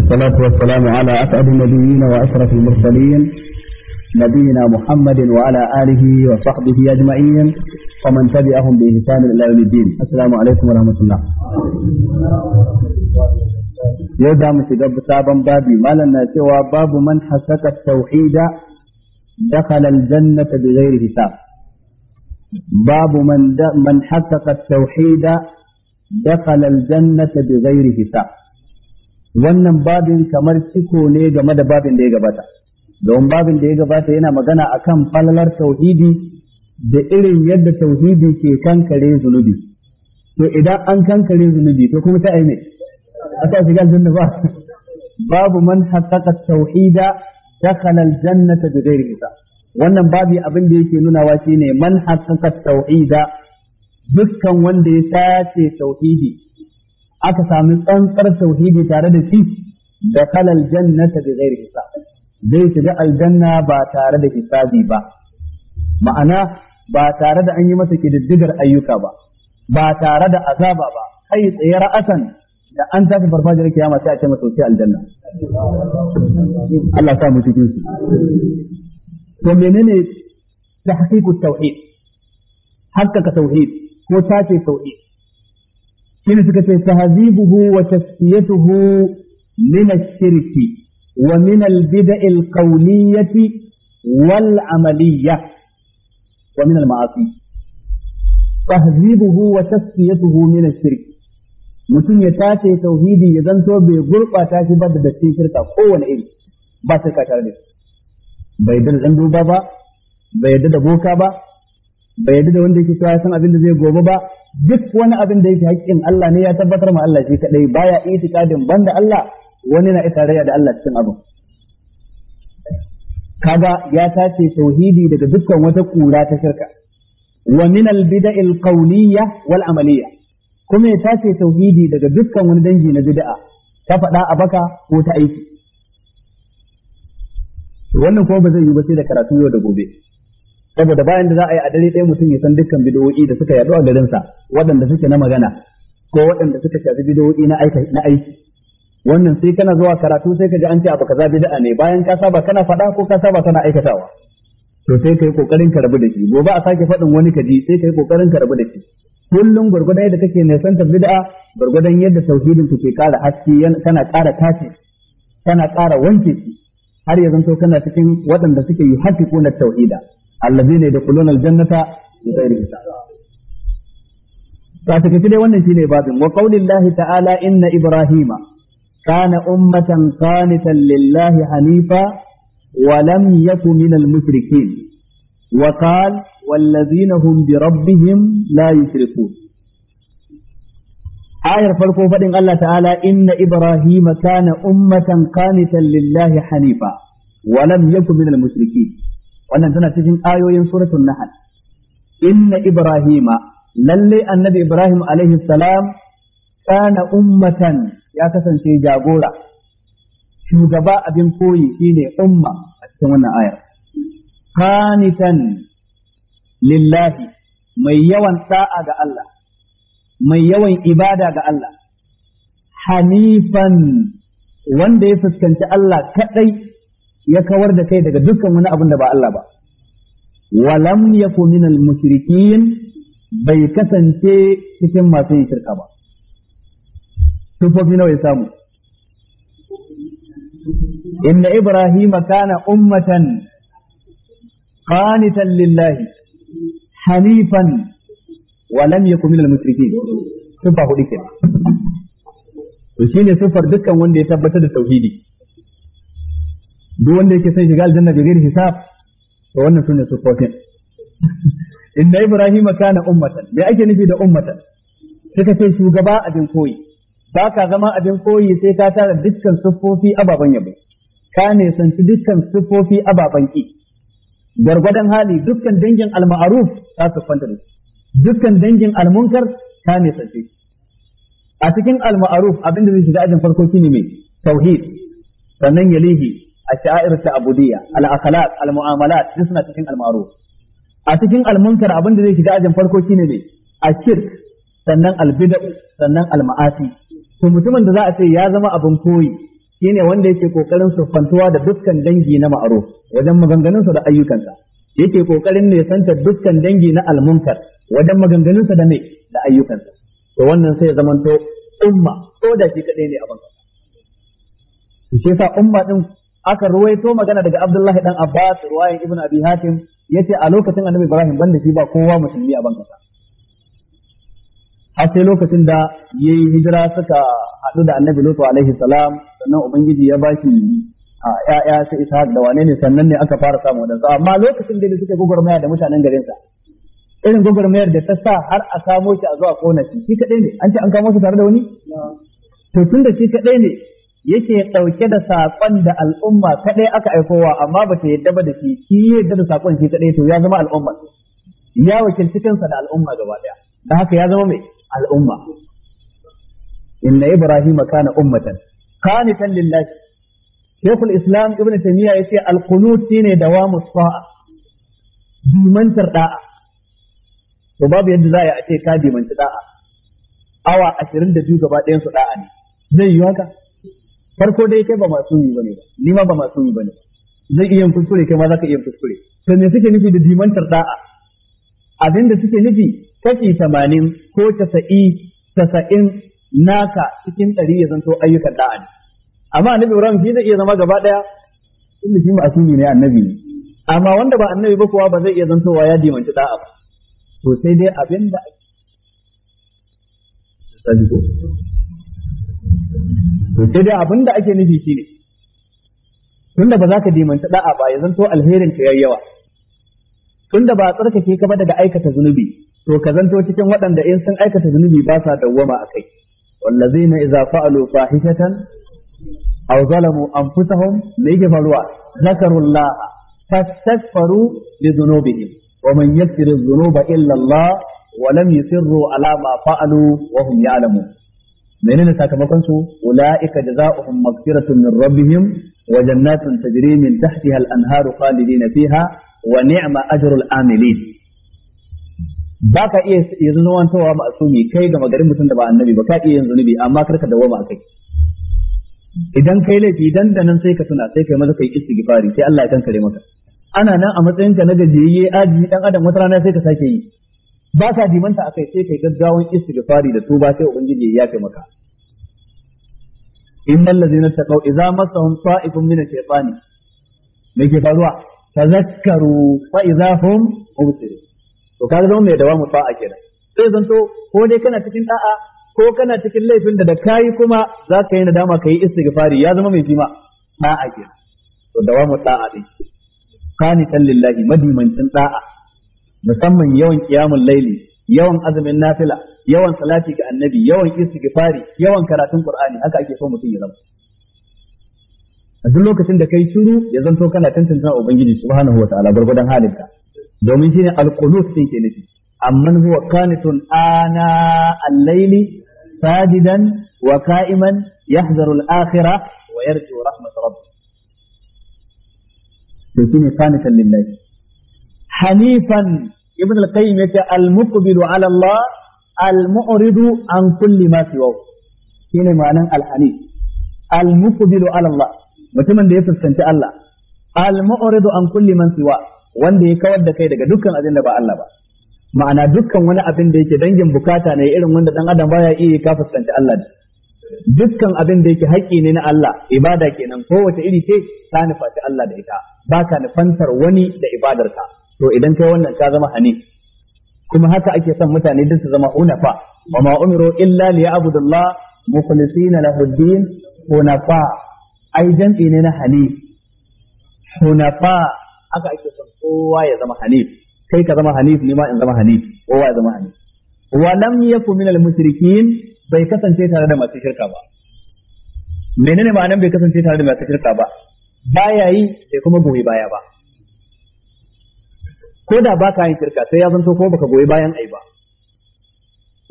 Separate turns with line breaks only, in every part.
والصلاة والسلام على أسعد النبيين وأشرف المرسلين نبينا محمد وعلى آله وصحبه أجمعين ومن تبعهم بإحسان إلى يوم الدين السلام عليكم ورحمة الله يا يوزا مشغب سابا بابي ما لنا سوى باب من حسك التوحيد دخل الجنة بغير حساب باب من من حسك التوحيد دخل الجنة بغير حساب wannan babin kamar ciko ne game da babin da ya gabata don babin da ya gabata yana magana akan falalar tauhidi da irin yadda tauhidi ke kankare zunubi to idan an kankare zunubi to kuma ta aime a ta shiga aljanna ba babu man haqqaqa tauhida dakhala aljannata bighairi hisab wannan babi abin da yake nunawa shine man haqqaqa tauhida dukkan wanda ya sace tauhidi aka sami tsantsar tauhidi tare da shi da kalal jannata bi ghairi hisab zai shiga aljanna ba tare da hisabi ba ma'ana ba tare da an yi masa kididdigar ayyuka ba ba tare da azaba ba kai tsaye ra'asan da an tafi farfajiyar kiyama sai a ce masa wuce
aljanna Allah sa mu cikin su
to menene tahqiqut tauhid ka tauhid ko tace tauhid shine suka ce tahzibuhu wa tasfiyatuhu min ash-shirk wa min al-bid'a al-qawliyyah wal amaliyyah wa min al-ma'asi tahzibuhu wa tasfiyatuhu min ash-shirk mutum ya tace tauhidi ya zanto bai gurbata shi ba da dattin shirka kowane iri ba shirka tare da bai da dan duba ba bai yarda da boka ba bai yadda da wanda yake cewa ya san abin da zai gobe ba duk wani abin da yake haƙƙin Allah ne ya tabbatar ma Allah shi kadai baya itikadin banda Allah wani na tarayya da Allah cikin abin kaga ya tace tauhidi daga dukkan wata kura ta shirka wa min al bid'il qawliyya wal amaliyya kuma ya tace tauhidi daga dukkan wani dangi na bid'a ta faɗa a baka ko ta aiki wannan kuma ba zai yi ba sai da karatu yau da gobe saboda bayan da za a yi a dare ɗaya mutum ya san dukkan bidiyo'i da suka yaɗu a garinsa waɗanda suke na magana ko waɗanda suka shafi bidiyo'i na aiki wannan sai kana zuwa karatu sai ka ji an ce abu kaza bid'a ne bayan ka saba kana faɗa ko ka saba kana aikatawa to sai kai kokarin ka rabu da shi gobe a sake faɗin wani kaji sai kai kokarin ka rabu da shi kullum gurgudan yadda kake san bid'a gurgudan yadda tauhidin ku ke ƙara haske kana ƙara tace kana ƙara wanke shi har ya zanto kana cikin waɗanda suke yi tauhida allazina yadkhuluna aljannata bi ghairi hisab ta take dai wannan shine babin wa qaulillahi ta'ala inna ibrahima kana ummatan qanitan lillahi hanifa wa lam yakun minal mushrikin wa qala والذين هم بربهم لا يشركون آية فرقو فدن الله تعالى إن إبراهيم كان أمة قانتا لله حنيفا ولم يكن من المشركين wannan tana cikin ayoyin suratul nahl inna ibrahima lalle annabi ibrahim alaihi salam kana ummatan ya kasance jagora shugaba abin koyi shine umma a cikin wannan ayar qanitan lillahi mai yawan sa'a ga Allah mai yawan ibada ga Allah hanifan wanda ya fuskanci Allah kadai ya kawar da kai daga dukkan wani abin da ba Allah ba walam yaku minal mushrikin bai kasance cikin masu yin shirka ba tufofi nawa ya samu inna ibrahima kana ummatan qanitan lillahi hanifan walam yaku minal mushrikin tufa hudu kenan to shine sifar dukkan wanda ya tabbatar da tauhidi duk wanda yake son shiga aljanna bi ghairi hisab to wannan sune sufofin inna ibrahima kana ummatan me ake nufi da ummatan suka ce shugaba abin koyi ba ka zama abin koyi sai ka tara dukkan sufofi ababen yabo ka ne santi dukkan sufofi ababen ki gargwadon hali dukkan dangin al alma'aruf ka siffanta da dukkan dangin almunkar ka ne santi a cikin alma'aruf abin da zai shiga ajin farko shine mai tauhid sannan yalihi الشعائر التعبدية الأخلاق المعاملات جسنا تكين المعروف أتكين المنكر أبن دي شجاع جن فرقو شيني دي الشرك sannan albid'u sannan alma'asi to mutumin da za a ce ya zama abin koyi shine wanda yake kokarin sufantuwa da dukkan dangi na ma'aruf wajen maganganunsa da ayyukansa yake kokarin ne santa dukkan dangi na almunkar wajen maganganunsa da me da ayyukansa to wannan sai ya umma ko da shi kadai ne a shi yasa umma din aka ruwaito magana daga Abdullahi dan Abbas ruwayan Ibn Abi Hatim yace a lokacin Annabi Ibrahim banda shi ba kowa musulmi a bankasa har sai lokacin da yayi hijira suka haɗu da Annabi Lutu alaihi salam sannan ubangiji ya bashi a ƴaƴa sai Ishaq da wane ne sannan ne aka fara samu wadansu amma lokacin da suke gwagwarmaya da mutanen sa irin gwagwarmayar da ta sa har a samo shi a zuwa kona shi shi kadai ne an ce an kamo shi tare da wani to tun da shi kadai ne yake ɗauke da saƙon da al'umma kaɗai aka aikowa amma ba ta yadda ba da shi shi yadda da saƙon shi kaɗai to ya zama al'umma ya wakilci kansa da al'umma gaba ɗaya da haka ya zama mai al'umma inna ibrahim kana ummatan qanitan lillahi shaykhul islam Ibn taymiya yace al-qunut shine dawamu sa'a dimantar da'a to babu yadda za a ce ka dimanta da'a awa 22 gaba ɗayan su da'a ne zai yi haka farko dai kai ba yi bane ba ni ma ba yi bane zai iya yin kuskure kai ma zaka iya kuskure to me suke nufi da dimantar da'a abin da suke nufi kashi tamanin, ko tasa'i tasa'in naka cikin ɗari ya zanto ayyukan da'a ne amma annabi Ibrahim shi zai iya zama gaba daya da shi ma'asumi ne annabi amma wanda ba annabi ba kuwa ba zai iya zantowa ya dimanci da'a ba to sai dai abin da to sai dai abin da ake nufi shine tunda ba za ka dimanta da'a ba ya zanto alherin ka yayi yawa tunda ba a tsarkake ka ba daga aikata zunubi to ka zanto cikin waɗanda in sun aikata zunubi ba sa dawwama a kai wallazina idza fa'alu fahishatan aw zalamu anfusahum me yake faruwa zakarullah fastaghfaru li dhunubihim wa man yaghfiru dhunuba illa Allah wa lam yusirru ala ma fa'alu wa hum ya'lamun menene sakamakon su ulaika jazaohum maghfiratun min rabbihim wa jannatun tajri min tahtiha al-anharu khalidina fiha wa ni'ma ajrul amilin baka iya yanzu nuwantowa ma'asumi kai ga magarin mutum da ba annabi ba ka iya yanzu nabi, amma karka dawoma kai. idan kai laifi idan da nan sai ka tuna sai kai maza kai istighfari sai Allah ya kankare maka ana nan a matsayin ka na gajiyayye aji dan adam wata rana sai ka sake yi ba sa dimanta a kai sai kai gaggawan istighfari da tuba sai ubangiji ya yafe maka innal ladzina taqaw idza massahum sa'ifun min ash-shaytani me ke faruwa tazakkaru fa idza hum mubsirun to kaga zama mai dawamu a kenan sai zanto ko dai kana cikin da'a ko kana cikin laifin da da kayi kuma za ka yi nadama ka yi istighfari ya zama mai kima a kenan to dawamu da'a din kani tan lillahi madimancin da'a musamman yawan qiyamul laili yawan azumin nafila yawan salati ga annabi yawan istighfari yawan karatun qur'ani haka ake so mutum ya zama a duk lokacin da kai shiru ya zanto kana tantance ubangiji subhanahu wa ta'ala gurgudan halinka domin shine alqunut din ke nufi amman huwa qanitun ana al-layli sajidan wa qa'iman yahzaru al-akhirah
wa yarju rahmat rabbih
to shine qanitan lillahi hanifan ibn al-qayyim yace al-muqbilu ala Allah al-mu'ridu an kulli ma siwa shine ma'anan al-hanif al-muqbilu ala mutumin da ya fuskanci Allah al-mu'ridu an kulli man wanda ya kawar da kai daga dukkan abin da ba Allah ba ma'ana dukkan wani abin da yake dangin bukata ne irin wanda dan adam baya iya ka fuskanci Allah dukkan abin da yake haƙƙi ne na Allah ibada kenan kowace iri ce ta nufaci Allah da ita ba ka nufantar wani da ka to idan kai wannan ka zama hanif kuma haka ake son mutane duk su zama hunafa wa ma umiru illa liya'budullah mukhlisina lahu ad-din hunafa ai jam'i ne na hanif hunafa haka ake son kowa ya zama hanif kai ka zama hanif ni ma in zama hanif kowa ya zama hanif wa lam yakun minal mushrikin bai kasance tare da masu shirka ba menene ma'anar bai kasance tare da masu shirka ba baya yi sai kuma goyi baya ba ko da baka yin shirka sai ya zanto ko baka goyi bayan ai ba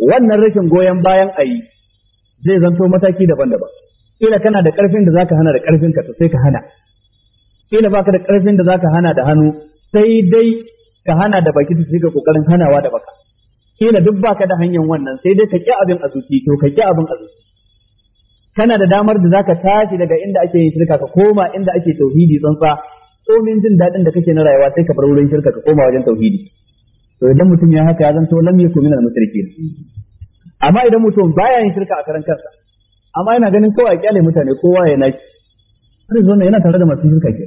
wannan rashin goyon bayan ai zai zanto mataki daban-daban kila kana da karfin da zaka hana da karfin ka sai ka hana kila baka da karfin da zaka hana da hannu sai dai ka hana da baki sai ka kokarin hanawa da baka kila duk baka da hanyar wannan sai dai ka ki abin azuki to ka ki abin azuki kana da damar da zaka tashi daga inda ake yin shirka ka koma inda ake tauhidi tsantsa komin jin daɗin da kake na rayuwa sai ka bar wurin shirka ka koma wajen tauhidi to idan mutum ya haka ya zanto lam yakun minal mushrikin amma idan mutum baya yin shirka a karan kansa amma yana ganin kawai a kyale mutane kowa ya nashi har yanzu yana tare da masu shirka ke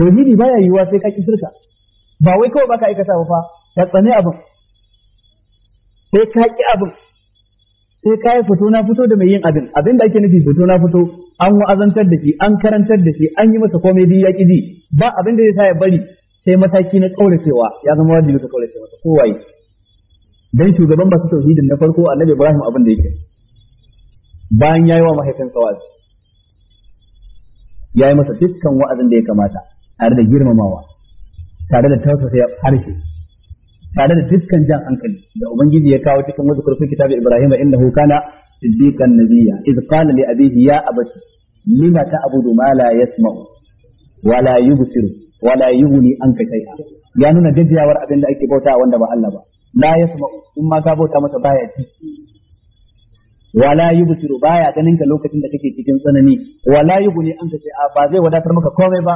tauhidi baya yiwuwa sai ka ki shirka ba wai kawai baka aikata ba fa ka tsane abin sai ka ki abin sai ka yi fito na fito da mai yin abin abin da ake nufi fito na fito an wa'azantar da shi an karantar da shi an yi masa komai duk ya ji ba abin da ya sa ya bari sai mataki na kauracewa ya zama wajen ka kaurace masa ko waye dan shugaban masu tauhidin na farko annabi Ibrahim abin da yake bayan yayi wa mahaifinsa wa'azi yayi masa dukkan wa'azin da ya kamata tare da girmamawa tare da tausasa harshe tare da dukkan jan hankali da ubangiji ya kawo cikin wasu kurfin kitabin Ibrahim innahu kana siddiqan nabiyya idh qala li abihi ya abati lima ta'budu ma la yasma'u wa la yubsiru wa la yughni anka ya nuna gajiyawar abin da ake bauta wanda ba Allah ba la in ma ka bauta masa baya ji wala baya ganin lokacin da kake cikin tsanani wala anka ba zai wadatar maka komai ba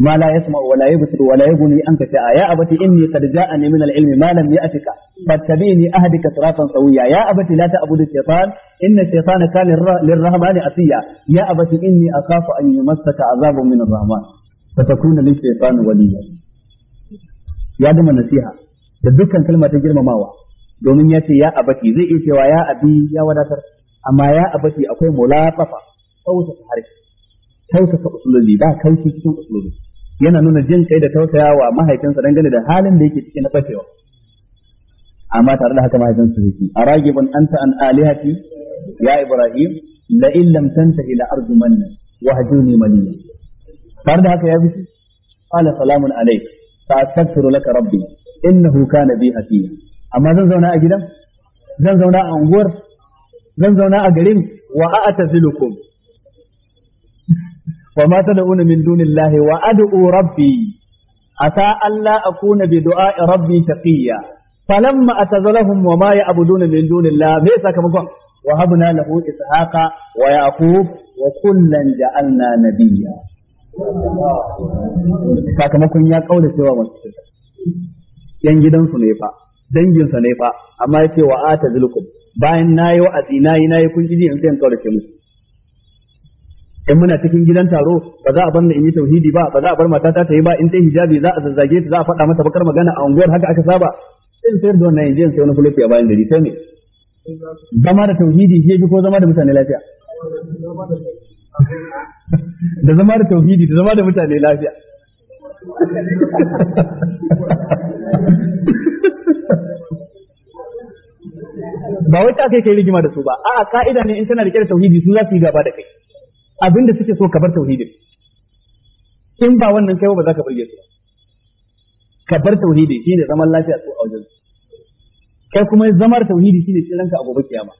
ما لا يسمع ولا يبصر ولا يغني عنك شيئا يا أبت إني قد جاءني من العلم ما لم يأتك فاتبعني أهدك صراطا سويا يا أبت لا تعبد الشيطان إن الشيطان كان للرحمن عصيا يا أبت إني أخاف أن يمسك عذاب من الرحمن فتكون للشيطان وليا يا دم النصيحة da dukkan kalma ta girmamawa domin ya ce ya abati zai iya cewa ya abi ya wadatar amma ya abati akwai mulatafa sauta harshe tausasa usuloli ba kaushi cikin usuloli yana nuna jin kai da tausayawa mahaifinsa dangane da halin da yake ciki na fashewa amma tare da haka mahaifinsa zai ce aragiban anta an alihati ya ibrahim la in lam tantahi la arjumanna wa hajuni maliya tare da haka ya bi qala salamun alayk fa astaghfiru laka rabbi innahu kana bi hafiya amma zan zauna a gidan zan zauna a unguwar zan zauna a garin wa a'tazilukum wa ma tad'una min dunillahi wa ad'u rabbi asa alla akuna bi du'a'i rabbi taqiya falamma atazalahum wa ma ya'buduna min dunillahi me sakamakon wa habna lahu ishaqa wa yaqub wa kullan ja'alna nabiyya sakamakon ya kaula cewa masu cuta yan gidansu ne fa danginsa ne fa amma yace wa ata bayan yi wa'azi na yi kun ji yanzu yan musu in muna cikin gidan taro ba za a bar ni in yi tauhidi ba ba za a bar matata ta yi ba in ta hijabi za a zazzage ta za a faɗa mata bakar magana a unguwar haka aka saba in sayar da wannan yanzu sai wani fulufi a bayan gari sai ne. zama da tauhidi shi yafi ko zama da mutane lafiya da zama da tauhidi da zama da mutane lafiya
ba wai ta
kai kai rigima da su ba a'a ka'ida ne in tana rike da tauhidi su za su yi gaba da kai abinda suke so ka bar tauhidin in ba wannan kai ba za ka burge su ba ka bar tauhidi shine zaman lafiya su a wajen kai kuma zamar tauhidi shine tsiranka a gobe kiyama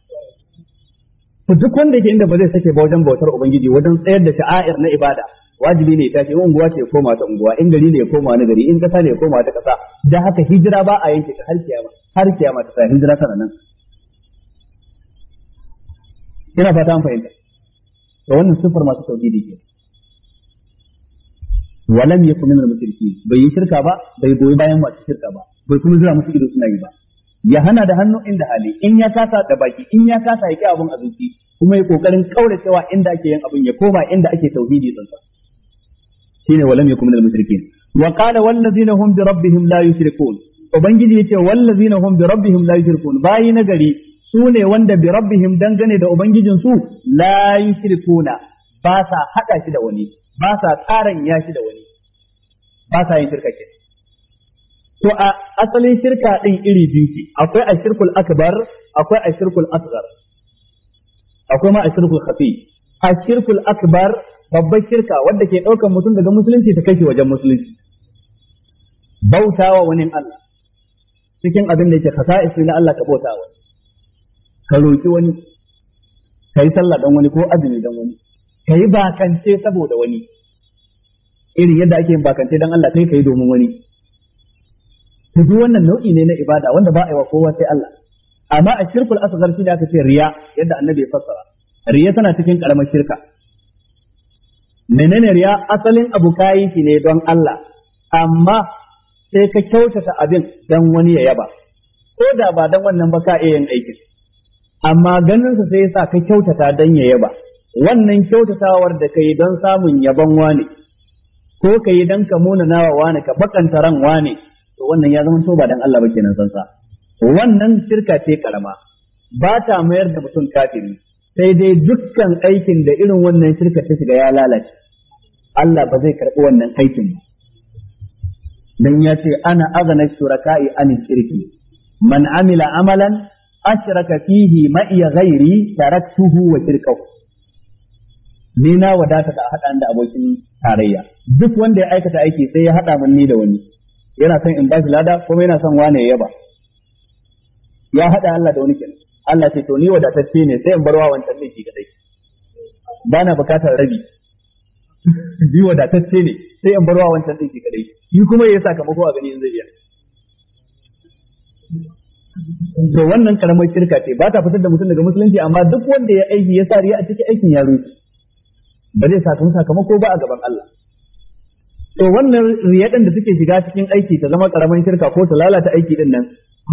to duk wanda yake inda ba zai sake ba wajen bautar ubangiji wajen tsayar da sha'air na ibada wajibi ne ya tashi in unguwa ce ya koma ta unguwa in gari ne ya koma na gari in kasa ne ya koma ta kasa dan haka hijira ba a yanke ta har kiyama har kiyama ta hijira tana nan ina fata an fahimta to wannan sufar masu tauhidi ke walam yakun minal mushrikin bai yi shirka ba bai goyi bayan masu shirka ba bai kuma zira musu ido suna yi ba ya hana da hannu inda hali in ya kasa da baki in ya kasa ya ki abun a kuma ya kokarin kaure cewa inda ake yin abun ya koma inda ake tauhidi tsantsa shine walam yakun minal mushrikin wa qala wallazina hum bi rabbihim la yushrikun ubangiji yace wallazina hum bi rabbihim la yushrikun bayi nagari su ne wanda bi rabbihim dangane da ubangijinsu la yushrikuna ba sa hada shi da wani ba sa tsaran ya shi da wani ba sa yin shirka ke to a asalin shirka din iri biyu ce akwai ashirkul akbar akwai ashirkul asghar akwai ma ashirkul khafi ashirkul akbar babbar shirka wadda ke daukan mutum daga musulunci ta kashe wajen musulunci bautawa wani Allah cikin abin da yake khasa'is na Allah ka bautawa ka roƙi wani ka yi sallah dan wani ko azumi dan wani ka yi bakance saboda wani irin yadda ake yin bakance dan Allah kai ka yi domin wani to duk wannan nau'i ne na ibada wanda ba a yi wa kowa sai Allah amma a shirkul asghar shi da aka ce riya yadda annabi ya fassara riya tana cikin karamar shirka menene riya asalin abu kayi shi ne don Allah amma sai ka kyautata abin dan wani ya yaba ko da ba dan wannan ba ka iya yin aikin amma ganinsa sai sa ka kyautata dan ya yaba wannan kyautatawar da kai don samun yaban wane ko ka yi don ka nawa wane ka bakanta ran wane to wannan ya zama to ba dan Allah ba kenan sansa wannan shirka ce karama ba ta mayar da mutum kafiri sai dai dukkan aikin da irin wannan shirka ta shiga ya lalace Allah ba zai karɓi wannan aikin ba dan ya ce ana azana shuraka'i an shirki man amila amalan ashraka fihi ma'iya ghairi taraktuhu wa shirkahu ni na wadata da haɗa da abokin tarayya duk wanda ya aikata aiki sai ya haɗa min ni da wani yana son in bashi lada kuma yana son wane ya yaba ya haɗa Allah da wani kenan Allah ce to ni wadatacce ne sai in bar wancan ne shi kadai ba na bukatar rabi ni wadatacce ne sai in bar wancan ne shi kadai shi kuma ya sakamako a gani in zai iya to wannan karamar shirka ce ba ta fitar da mutum daga musulunci amma duk wanda ya aiki ya sariya a cikin aikin ya rufe ba zai sakamu sakamako ba a gaban Allah to wannan riyadan da suke shiga cikin aiki ta zama karamar shirka ko ta lalata aiki din nan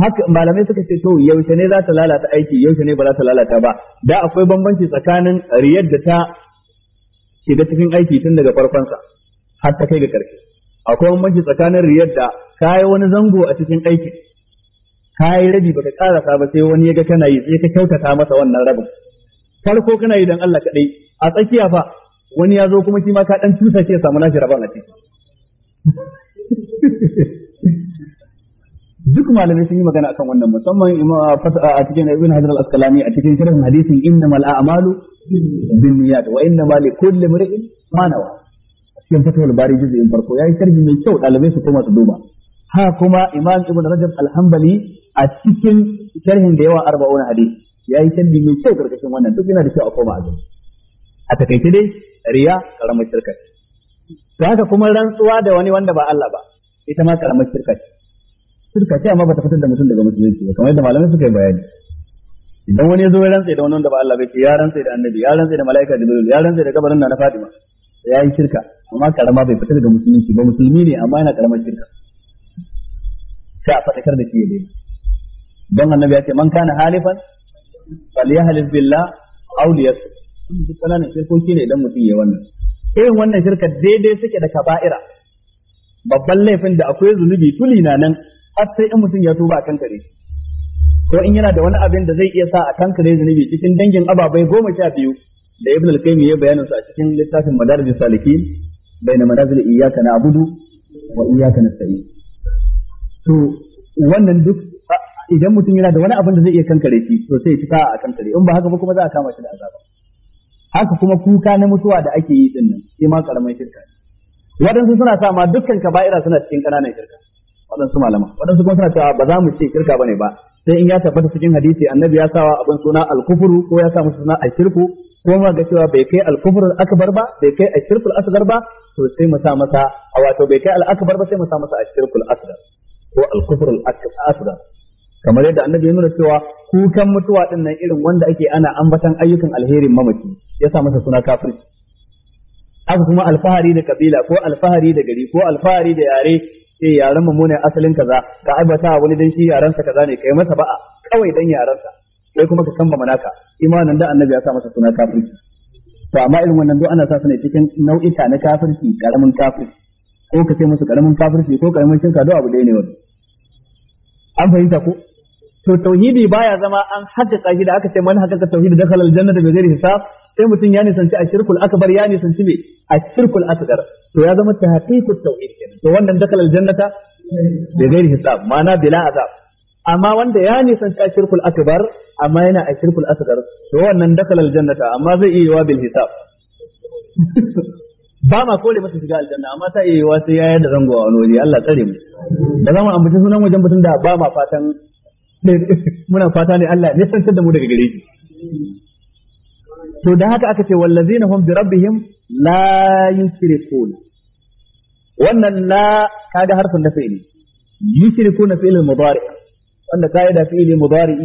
haka malamai suka ce to yaushe ne za ta lalata aiki yaushe ne ba za ta lalata ba da akwai bambanci tsakanin riyar da ta shiga cikin aiki tun daga farkonsa har ta kai ga karshe akwai bambanci tsakanin riyar da kai wani zango a cikin aikin ka yi rabi ka karasa ba sai wani ya ga kana yi sai ka kyautata masa wannan rabin farko kana yi dan Allah kadai a tsakiya fa wani ya zo kuma shi ma ka dan tusa ke samu nashi rabon a ciki duk malamai sun yi magana akan wannan musamman a cikin Ibn Hajar al-Asqalani a cikin sharhin hadisin innamal a'malu binniyat wa innamal likulli imrin ma nawa cikin fatawul bari juz'in farko yayi sharhi mai kyau dalibai su koma su duba ha kuma imam ibn rajab al-hanbali a cikin sharhin da yawa 40 hadith yayi tambi mai kyau karkashin wannan duk yana da kyau a koma a gani a takaice dai riya karamar shirka ce haka kuma rantsuwa da wani wanda ba Allah ba ita ma karamar shirka ce shirka ce amma bata fitar da mutum daga musulunci ba kamar yadda malamai suka yi bayani idan wani ya zo ya rantsa da wani wanda ba Allah bai ce ya rantsa da annabi ya rantsa da mala'ika jibril ya rantsa da kabarin na fadima ya yi shirka amma karama bai fitar daga musulunci ba musulmi ne amma yana karamar shirka sai a faɗakar da shi ya daina don annabi ya ce man kana halifan falyahlif billah aw liyasmut duk kananan shirkoki ne idan mutum ya wannan irin wannan shirka daidai suke da kaba'ira babban laifin da akwai zunubi tuli na nan har sai in mutum ya tuba a kankare ko in yana da wani abin da zai iya sa a kankare zunubi cikin dangin ababai goma sha biyu da ibn al-qayyim ya bayyana su a cikin littafin madarij salikin baina manazil iyyaka na'budu wa iyyaka nasta'in to wannan duk idan mutum yana da wani abin da zai iya kankare shi to sai ya fita a kankare in ba haka ba kuma za a kama shi da azaba haka kuma kuka na mutuwa da ake yi din nan sai ma karamin shirka waɗansu suna sa ma dukkan kaba'ira suna cikin ƙananan shirka waɗansu malama waɗansu kuma suna cewa ba za mu ce shirka bane ba sai in ya tabbata cikin hadisi annabi ya sawa abin suna alkufuru ko ya sa musu suna ashirku ko ma ga cewa bai kai alkufur akbar ba bai kai ashirkul asgar ba to sai mu sa masa a wato bai kai alakbar ba sai mu sa masa ashirkul asgar ko al-kufr kamar yadda annabi ya nuna cewa kukan mutuwa din nan irin wanda ake ana ambatan ayyukan alherin mamaki, ya sa masa suna kafirci Aka kuma alfahari da kabila ko alfahari da gari ko alfahari da yare eh yaren mu ne asalin kaza ka aibata wani dan shi yaran sa kaza ne kai masa ba'a kawai dan yaran sa kai kuma ka kamba manaka imanin da annabi ya sa masa suna kafirci to amma irin wannan duk ana sa su ne cikin nau'ika na kafirci karamin kafirci ko ka ce musu karamin kafirci ko karamin shirka duk abu ɗaya ne wani an fahimta ko to tauhidi baya zama an haƙƙaƙa shi da aka ce man haƙƙaƙa tauhidi da halal janna da ghairi hisab sai mutum ya nisanci a shirkul akbar ya nisanci me a shirkul asghar to ya zama tahqiqut tauhid to wannan dakal aljannata da ghairi hisab ma'ana bila azab amma wanda ya nisanci a shirkul akbar amma yana a shirkul asghar to wannan dakal jannata, amma zai iya wa bil hisab ba ma kore masa shiga aljanna amma ta iya yiwa sai yayar da zango a wani waje Allah tsare mu da mu ambaci sunan wajen mutum da ba ma fatan muna fata ne Allah ya san da mu daga gare shi to da haka aka ce wallazina hum bi rabbihim la yushrikun wannan la kaga harfin da fa'ili yushrikuna fi'il mudari wanda kaida fi'ili mudari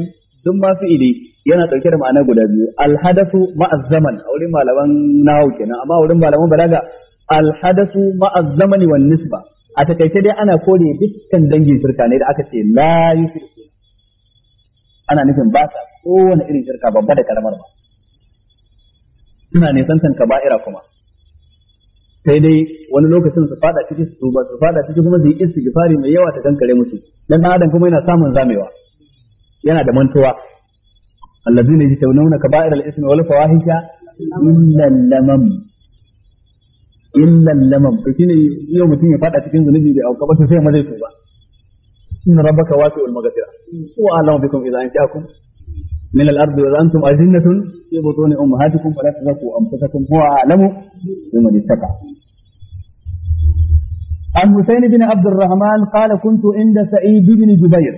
dun ma fi'ili yana ɗauke da ma'ana guda biyu alhadasu ma'a zaman a wurin malaman nahawu kenan amma wurin malaman balaga alhadasu ma'a zamani wan nisba a takaice dai ana kore dukkan dangin shirka ne da aka ce la yushriku ana nufin ba ta kowane irin shirka babba da karamar ba suna nisantan kaba'ira kuma sai dai wani lokacin su fada cikin su ba su fada cikin kuma su yi istighfari mai yawa ta kankare musu dan adam kuma yana samun zamewa yana da mantuwa الذين يتونون كبائر الاسم والفواحش إلا اللمم إلا اللمم فشيني يوم تيجي فاتح تكين ذنبي أو كبس سيما ذي توبة إن ربك واسع المغفرة وأعلم بكم إذا أنشأكم من الأرض إذا أنتم أجنة في بطون أمهاتكم فلا تزكوا أنفسكم هو أعلم بمن اتقى عن حسين بن عبد الرحمن قال كنت عند سعيد بن جبير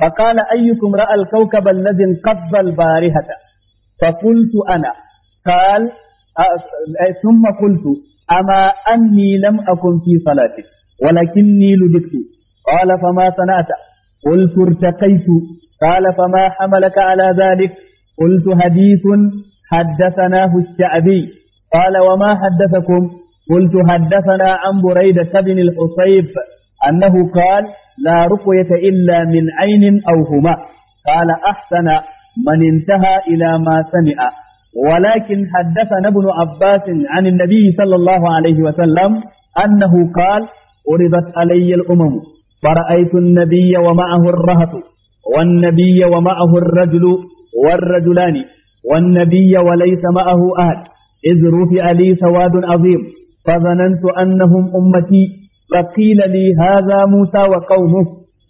فقال أيكم رأى الكوكب الذي انقض البارهة فقلت أنا قال ثم قلت أما أني لم أكن في صلاة ولكني لدكت قال فما صنعت قلت ارتقيت قال فما حملك على ذلك قلت حديث حدثناه الشعبي قال وما حدثكم قلت حدثنا عن بريدة بن الحصيب أنه قال لا رقية إلا من عين أو هما قال أحسن من انتهى إلى ما سمع ولكن حدثنا ابن عباس عن النبي صلى الله عليه وسلم أنه قال عرضت علي الأمم فرأيت النبي ومعه الرهط والنبي ومعه الرجل والرجلان والنبي وليس معه أحد إذ رفع لي سواد عظيم فظننت أنهم أمتي فقيل لي هذا موسى وقومه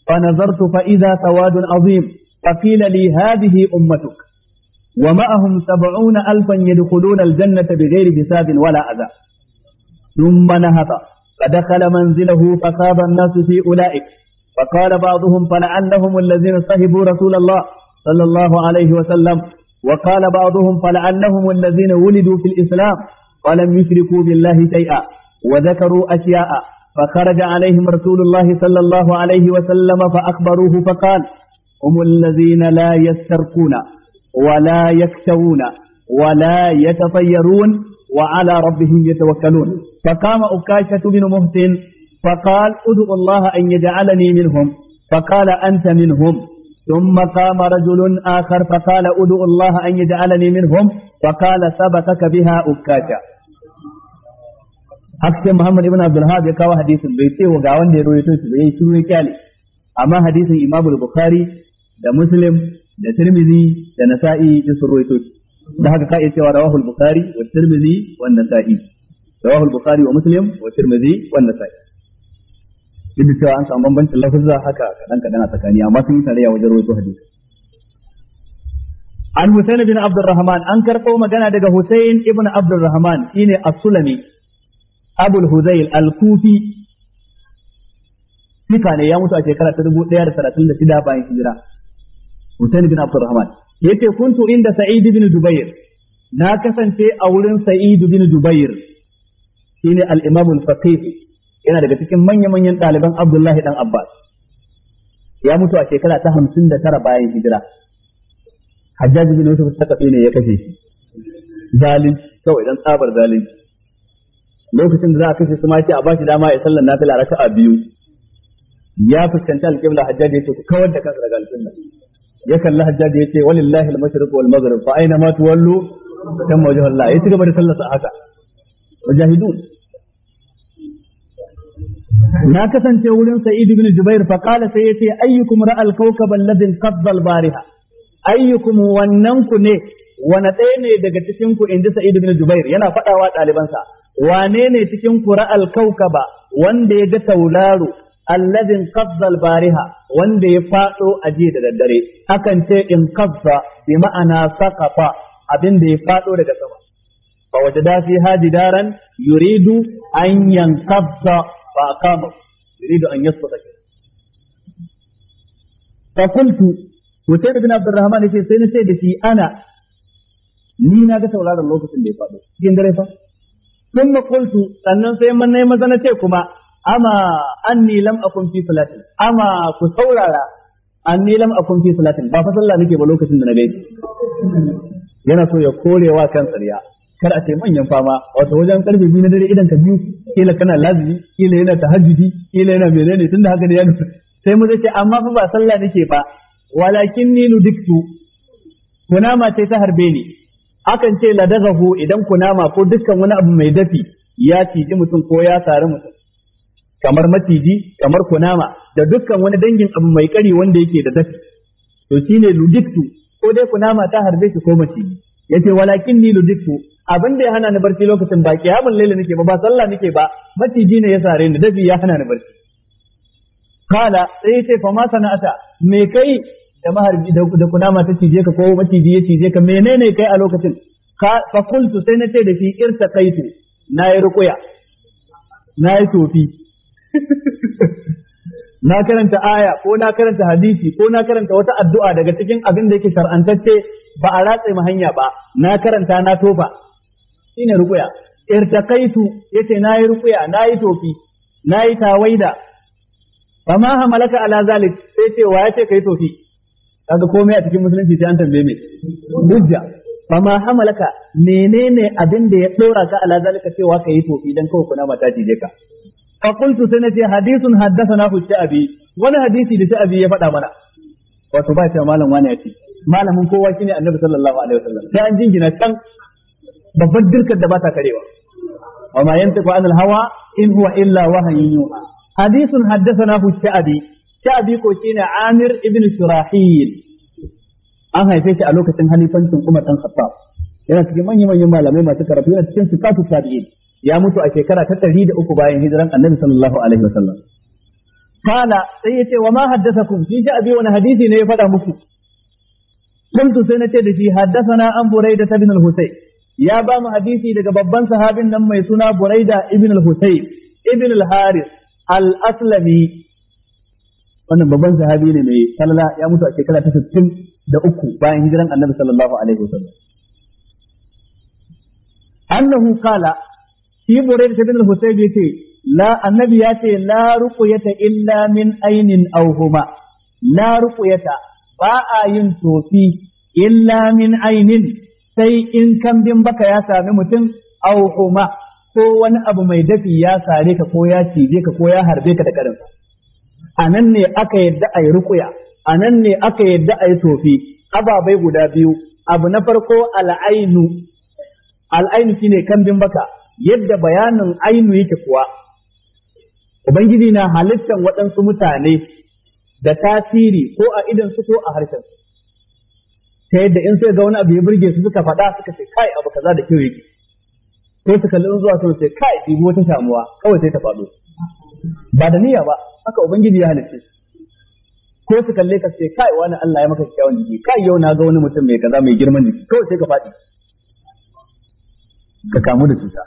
فنظرت فإذا سواد عظيم فقيل لي هذه أمتك ومعهم سبعون ألفا يدخلون الجنة بغير حساب ولا أذى ثم نهض فدخل منزله فخاب الناس في أولئك فقال بعضهم فلعلهم الذين صحبوا رسول الله صلى الله عليه وسلم وقال بعضهم فلعلهم الذين ولدوا في الإسلام ولم يشركوا بالله شيئا وذكروا أشياء فخرج عليهم رسول الله صلى الله عليه وسلم فأخبروه فقال هم الذين لا يسترقون ولا يكتوون ولا يتطيرون وعلى ربهم يتوكلون فقام أكاشة بن مهتن فقال ادعو الله أن يجعلني منهم فقال أنت منهم ثم قام رجل آخر فقال ادعو الله أن يجعلني منهم فقال سبقك بها أكاشة har Muhammad ibn Abdul ya kawo hadisin bai ce ga wanda ya rawaito shi bai shiru ya kyale amma hadisin Imam Bukhari da Muslim da Tirmidhi da Nasa'i duk sun rawaito shi da haka ka iya cewa rawahu al-Bukhari wa Tirmidhi wa Nasa'i rawahu al-Bukhari wa Muslim wa Tirmidhi wa Nasa'i duk da cewa an san bambancin lafuzza haka kadan kadan a tsakani amma sun yi tarayya wajen rawaito hadisi an Husain bin Abdurrahman an karɓo magana daga Husain ibn Abdurrahman shine As-Sulami abul huzail al-kufi fika ne ya mutu a shekara ta dubu ɗaya da talatin da shida bayan hijira Hussein bin Abdurrahman yace kuntu inda Sa'id bin Jubair na kasance a wurin Sa'id bin Jubair shine al-Imam al-Faqih yana daga cikin manya-manyan ɗaliban Abdullahi dan Abbas ya mutu a shekara ta hamsin da tara bayan hijira Hajjaj bin Yusuf ta ne ya kashe shi zalunci kawai dan tsabar zalunci lokacin da za a kashe su ma yace a bashi dama ya sallar na nafila raka'a biyu ya fuskanci alƙibla hajjaji yace ku kawar da kansa daga alƙibla ya kalli hajjaji yace walillahi al-mashriq wal maghrib fa aina ma tuwallu tamma wajhu Allah ya cigaba da sallar sa haka mujahidun na kasance wurin sa'id ibn jubair fa qala sai yace ayyukum ra'al kawkab alladhi qabba al-bariha ayyukum wannan ku ne wani ɗaya ne daga cikin ku inji sa'id ibn jubair yana faɗawa ɗalibansa wane ne cikin kura alkaukaba wanda ya ga tauraro alladhin qazza bariha wanda ya fado aje da daddare akan ce in qazza bi ma'ana saqata abin da ya fado daga sama fa wajada fi hadidaran yuridu an yanqazza
fa aqama yuridu an yasqata
fa qultu Hussein bin Abdurrahman yace sai na ce da shi ana ni na ga tauraron lokacin da ya fado cikin dare fa ثم قلت sannan sai mun nayi zana ce kuma amma anni lam akun fi salati amma ku saurara anni lam akun fi salatin ba fa sallah nake ba lokacin da na bai yana so ya korewa kan tsariya kar a ce manyan fama wato wajen karfe biyu na dare idan ka biyu kila kana lazimi kila yana tahajjudi kila yana menene tunda haka ne ya nufi sai mu ce amma fa ba sallah nake ba walakin ni ludiktu kuna ce ta harbe ni akan ce ladaghahu idan kunama ko dukkan wani abu mai dafi ya ciji mutum ko ya sari mutum kamar maciji kamar kunama da dukkan wani dangin abu mai kari wanda yake da dafi to shine ludiktu ko dai kunama ta harbe shi ko maciji yace walakin ni ludiktu abin da ya hana ni barci lokacin ba kiyamul laila nake ba ba sallah nake ba maciji ne ya sare ni dafi ya hana ni barci kala sai yace fa ma sana'ata me kai da maharbi da kunama ta cije ka ko maciji ya cije ka menene kai a lokacin fa qultu sai na ce da fi kaitu. na yi ruqya na yi tofi na karanta aya ko na karanta hadisi ko na karanta wata addu'a daga cikin abin da yake shar'antacce ba a ratse mu hanya ba na karanta na tofa shine ruqya irtaqaitu yace na yi ruqya na yi tofi na yi tawaida fa ma hamalaka ala zalik sai ce wa yace kai tofi kaga komai a cikin musulunci sai an tambaye mai hujja Amma hamalaka menene abin da ya dora ka ala zalika cewa kai tofi dan kawai kuna mata tije ka fa qultu sai nace hadithun haddathana hu sha'bi wani hadisi da sha'bi ya faɗa mana wato ba cewa malam wani ya ce malamin kowa shine annabi sallallahu alaihi wasallam sai an jingina can babbar dirkar da ba ta karewa Amma ma yantiqu anil hawa in huwa illa wahyun yuha hadithun haddathana hu sha'bi sha'abi ko shine Amir ibn Shurahil an haife shi a lokacin halifancin Umar dan Khattab yana cikin manyan manyan malamai masu karatu yana cikin sukatu tabi'in ya mutu a shekara ta 103 bayan hijiran Annabi sallallahu alaihi wasallam kana sai yace wa ma haddathakum shi sha'abi wani hadisi ne ya faɗa muku قلت سنة دشي حدثنا عن بريدة بن الحسين يا بام حديثي daga babban sahabin nan mai suna Buraida ibn al-Husayb ibn al-Haris al-Aslami wannan babban sahabi ne mai salala ya mutu a shekara ta sittin da uku bayan hijiran annabi sallallahu alaihi wasallam annahu qala shi burayd al-husayb yace la annabi ya la ruqyata illa min ainin aw huma la ruqyata ba a yin tofi illa min ainin sai in kambin baka ya sami mutum aw huma ko wani abu mai dafi ya sare ka ko ya cije ka ko ya harbe ka da karinsa a nan ne aka yadda a yi rukuya a nan ne aka yadda a yi tofi ababai guda biyu abu na farko al'ainu al'ainu shine kambin baka yadda bayanin ainu yake kuwa ubangiji na halittar waɗansu mutane da tasiri ko a idan su ko a harshen su ta yadda in sai ga wani abu ya burge su suka faɗa suka ce kai abu kaza da kyau yake sai su kalli zuwa sun ce kai dibo ta samuwa kawai sai ta faɗo ba da niyya ba haka ubangiji ya halitta su ko su kalle ka sai kai wani Allah ya maka kyawun jiki kai yau na ga wani mutum mai kaza mai girman jiki kawai sai ka faɗi ka kamu da cuta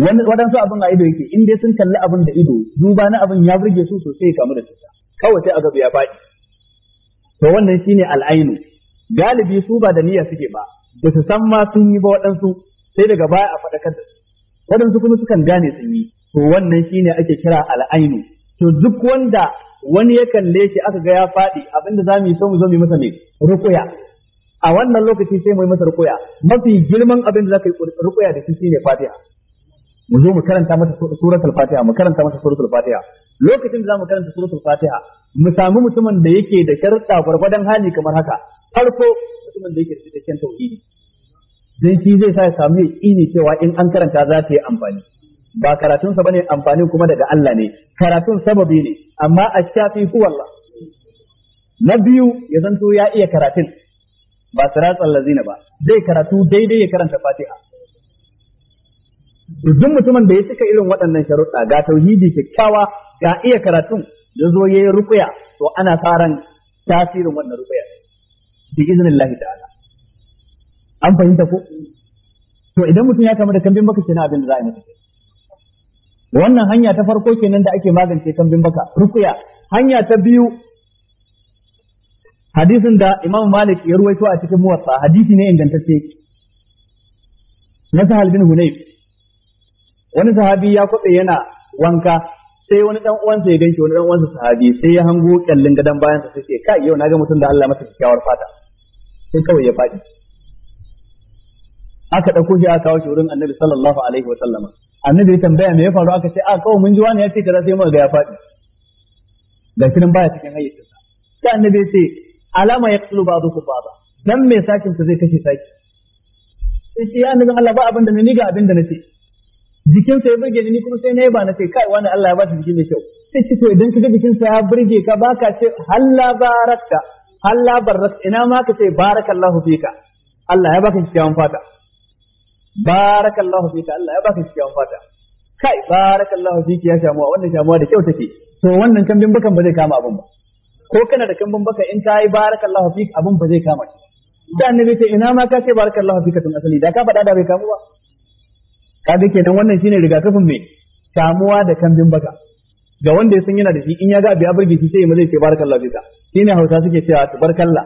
waɗansu abin a ido yake in dai sun kalli abin da ido duba na abin ya burge su sosai ya kamu da cuta kawai sai a gaba ya faɗi to wannan shine al'ainu galibi su ba da niyya suke ba da su san ma sun yi ba waɗansu sai daga baya a faɗakar da su waɗansu kuma sukan gane sun yi to wannan shine ake kira al'ainu to duk wanda wani ya kalle shi aka ga ya faɗi abinda za mu yi so mu zo mu yi masa ne rukuya a wannan lokaci sai mu yi masa rukuya mafi girman abinda za ka yi rukuya da shi shine fatiha mu zo mu karanta masa suratul fatiha mu karanta masa suratul fatiha lokacin da za mu karanta suratul fatiha mu sami mutumin da yake da sharuɗa gwargwadon hali kamar haka farko mutumin da yake da cikakken tauhidi dan shi zai sa ya samu yaqini cewa in an karanta za ta yi amfani ba karatun sa bane amfanin kuma daga Allah ne karatun sababi ne amma a shafi huwa na biyu ya zanto ya iya karatun ba siratal lazina ba zai karatu daidai ya karanta Fatiha duk mutumin da ya cika irin waɗannan sharuɗa ga tauhidi kyakkyawa ga iya karatun da zo yi rukuya, to ana faran tasirin wannan rukuya. bi iznillahi ta'ala an fahimta ko to idan mutum ya kama da kambin baka kina abin da za a yi masa wannan hanya ta farko kenan da ake magance tambin baka rukuya hanya ta biyu hadisin da Imam Malik ya ruwaito a cikin muwatta hadisi ne ingantacce na Sahal bin Hunayf wani sahabi ya kwabe yana wanka sai wani dan uwansa ya ganshi wani dan uwansa sahabi sai ya hango kyallin gadan bayan sa sai kai yau ga mutum da Allah masa kyakkyawar fata sai kawai ya faɗi aka dauko shi aka kawo shi wurin Annabi sallallahu alaihi wa sallama annabi ya tambaya me ya faru aka ce a kawai mun ji wani ya ce kaza sai mu ga ya faɗi ga kiran baya cikin hayyata. sai annabi ya ce alama ya kasu ba zuku ba dan me sakin ka zai kashe saki sai ce ya annabi Allah ba abin da ni ga abin da nace jikin sa ya burge ni kuma sai nayi ba na ce. kai wani Allah ya ba shi jiki mai kyau sai ce to idan kaga jikin sa ya burge ka baka ce halla barakta halla barakta ina ma ka ce barakallahu fika Allah ya baka kyakkyawan fata barakallahu fika Allah ya baka kyakkyawan fata kai barakallahu fiki ya shamuwa wannan shamuwa da kyau to wannan kambin ba zai kama ba ko da kambin baka in ba zai kama da ina ma asali da ka faɗa da bai kamu ba kenan wannan rigakafin me samuwa da kambin baka ga wanda ya san yana da shi in ya ga abu ya burge shi sai ya zai ce barakallahu shine Hausa suke cewa tabarakallah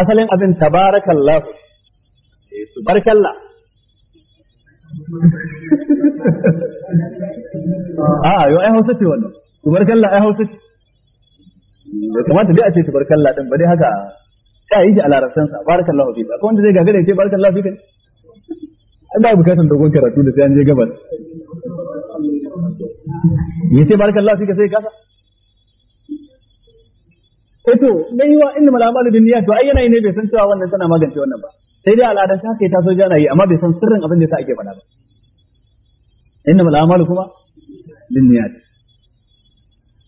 asalin abin tabarakallahu
eh tabarakallah a
ah, yau ai hausa ce wannan kalla ai hausa ce bai kamata dai a ce tubar kalla din ba dai haka ta yi shi a larabcin sa barakallahu fika akwai wanda zai gagare ce barakallahu fika ai ba bukatar dogon karatu da sai an je gabas ya ce fi fika sai kasa eh na yi wa inna malamal bin niyya to ai yana ne bai san cewa wannan tana magance wannan ba sai dai ta kai ta taso na yi amma bai san sirrin abin da yasa ake faɗa ba inna mal amalu kuma linniyat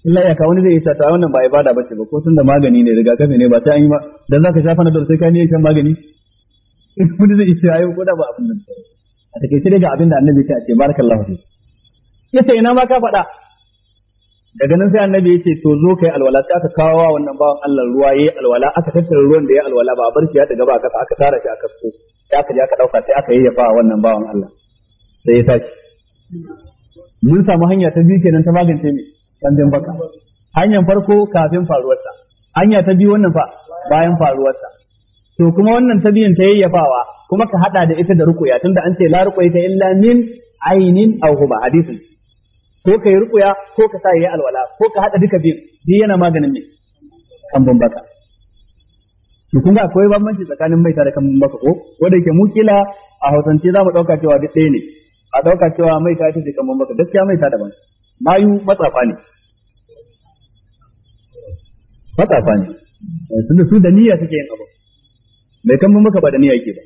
illa ya ka wani zai yi ta wannan ba ibada bace ba ko tun da magani ne rigakafi ne ba sai an yi ba dan zaka shafa na dole sai ka ne kan magani wani zai ce ayo ko da ba abin nan a take sai ga abin da annabi ta ce barakallahu fi yace ina ma ka faɗa daga nan sai annabi yace to zo kai alwala sai aka kawo wannan bawan Allah ruwa yayi alwala aka tattara ruwan da yayi alwala ba bar shi ya daga ba kasa aka tara shi aka so sai aka je aka dauka sai aka yayyafa wannan bawan Allah sai ya tashi mun samu hanya ta biyu kenan ta magance me kan baka hanyar farko kafin faruwarsa hanya ta biyu wannan fa bayan faruwarsa to kuma wannan ta biyun ta yayyafawa kuma ka hada da ita da rukuya tunda an ce la ta illa min ainin aw huma hadisin ko ka yi rukuya ko ka sa yi alwala ko ka haɗa duka biyu duk yana maganin ne kan bambaka to kun ga akwai bambanci tsakanin mai da kan bambaka ko wanda yake mu kila a hausance za mu ɗauka cewa duk ɗaya ne a ɗauka cewa mai tare ce kan bambaka gaskiya tare daban mayu matsafa ne matsafa ne eh, tunda su da niyya suke yin abu mai kan bambaka ba da niyya yake ba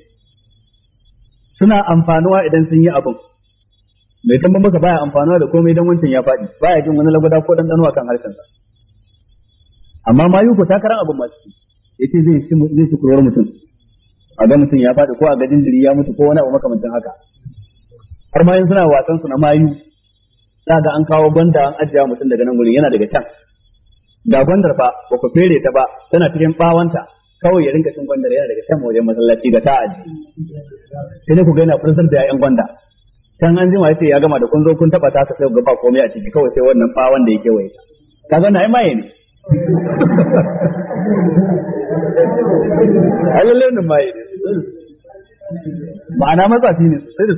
suna amfanuwa idan sun yi abin mai tamban baka baya amfanuwa da komai dan wancan ya faɗi baya jin wani lagwada ko dan danwa kan harshen sa amma mayu ta karan abin masu ciki yace zai ci zai shi kurwar mutum a ga mutum ya faɗi ko a ga jindiri ya mutu ko wani abu makamancin haka har ma yin suna wasan su na mayu za ga an kawo gwanda an ajiya mutum daga nan gurin yana daga can ga gwandar ba ba ku fere ta ba tana cikin bawanta kawai ya rinka cin gwandar yana daga can wajen masallaci ga ta sai ne ku ga yana furzar da 'ya'yan gwanda can an jima sai ya gama da kun zo kun taba ta ta ga ba komai a ciki kawai sai wannan fa wanda yake waye ka ga nayi maye ne alalle ne mai ne ma'ana shi ne sai da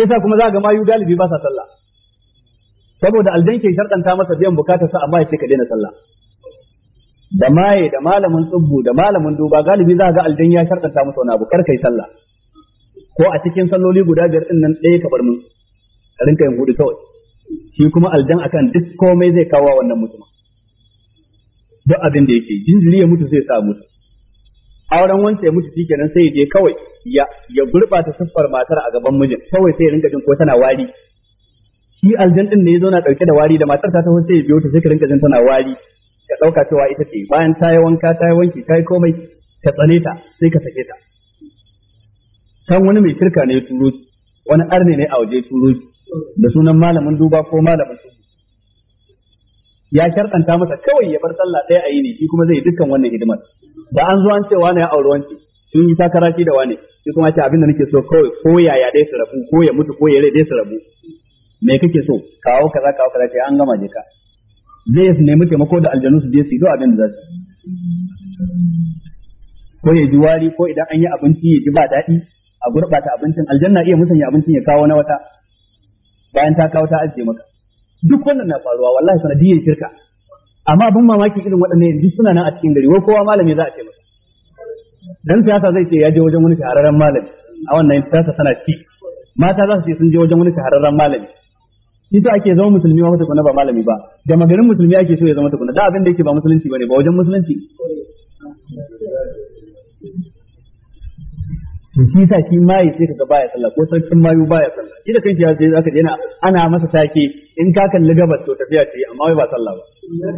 yasa kuma za ga mayu galibi ba sa sallah saboda aljan ke sharɗanta masa biyan bukatarsa amma ya ce ka daina sallah da maye da malamin tsubbu da malamin duba galibi za ga aljan ya sharɗanta musu wani abu kar kai sallah ko a cikin salloli guda biyar din nan ɗaya ka bar mun ka rinka yin hudu kawai shi kuma aljan akan duk komai zai kawo wannan mutumin duk abin da yake jinjiri ya mutu zai sa mutu auren wanda ya mutu shikenan sai je kawai ya ya gurbata siffar matar a gaban mijin kawai sai ya rinka jin ko tana wari shi aljan din ne ya na dauke da wari da matar ta taho sai ya biyo ta sai ka rinka jin tana wari ka ɗauka cewa ita ce bayan ta yi wanka ta yi wanki ta yi komai ka tsane ta sai ka sake ta kan wani mai kirka ne turo wani arne ne a waje turo da sunan malamin duba ko malamin su ya sharɗanta masa kawai ya bar sallah ɗaya a yi ne shi kuma zai yi dukkan wannan hidimar da an zo an ce wani ya auri wanki sun yi takara shi da wani shi kuma ce abin da nake so kawai ko ya dai su rabu ko ya mutu ko ya rai dai su rabu me kake so kawo kaza kawo kaza ce an gama je zai su nemi taimako da aljanu su je su yi abin da za su ko ya ji wari ko idan an yi abinci ya ji ba daɗi a gurɓata abincin aljanna iya musanya abincin ya kawo na wata bayan ta kawo ta ajiye maka duk wannan na faruwa wallahi sanadiyyar shirka amma abin mamaki irin waɗannan yanzu suna nan a cikin gari wai kowa malami za a ce masa dan siyasa zai ce ya je wajen wani shahararren malami a wannan siyasa tana ci mata za su ce sun je wajen wani shahararren malami shi sa ake zama musulmi ba mutum ba malami ba da maganin musulmi ake so ya zama tukuna da abin da yake ba musulunci bane ba wajen musulunci to shi sa shi mai sai kaga baya sallah ko sarkin mayu baya sallah shi da kanki ya sai zaka je ana masa take in ka kalli gabas to tafiya ce amma wai ba sallah ba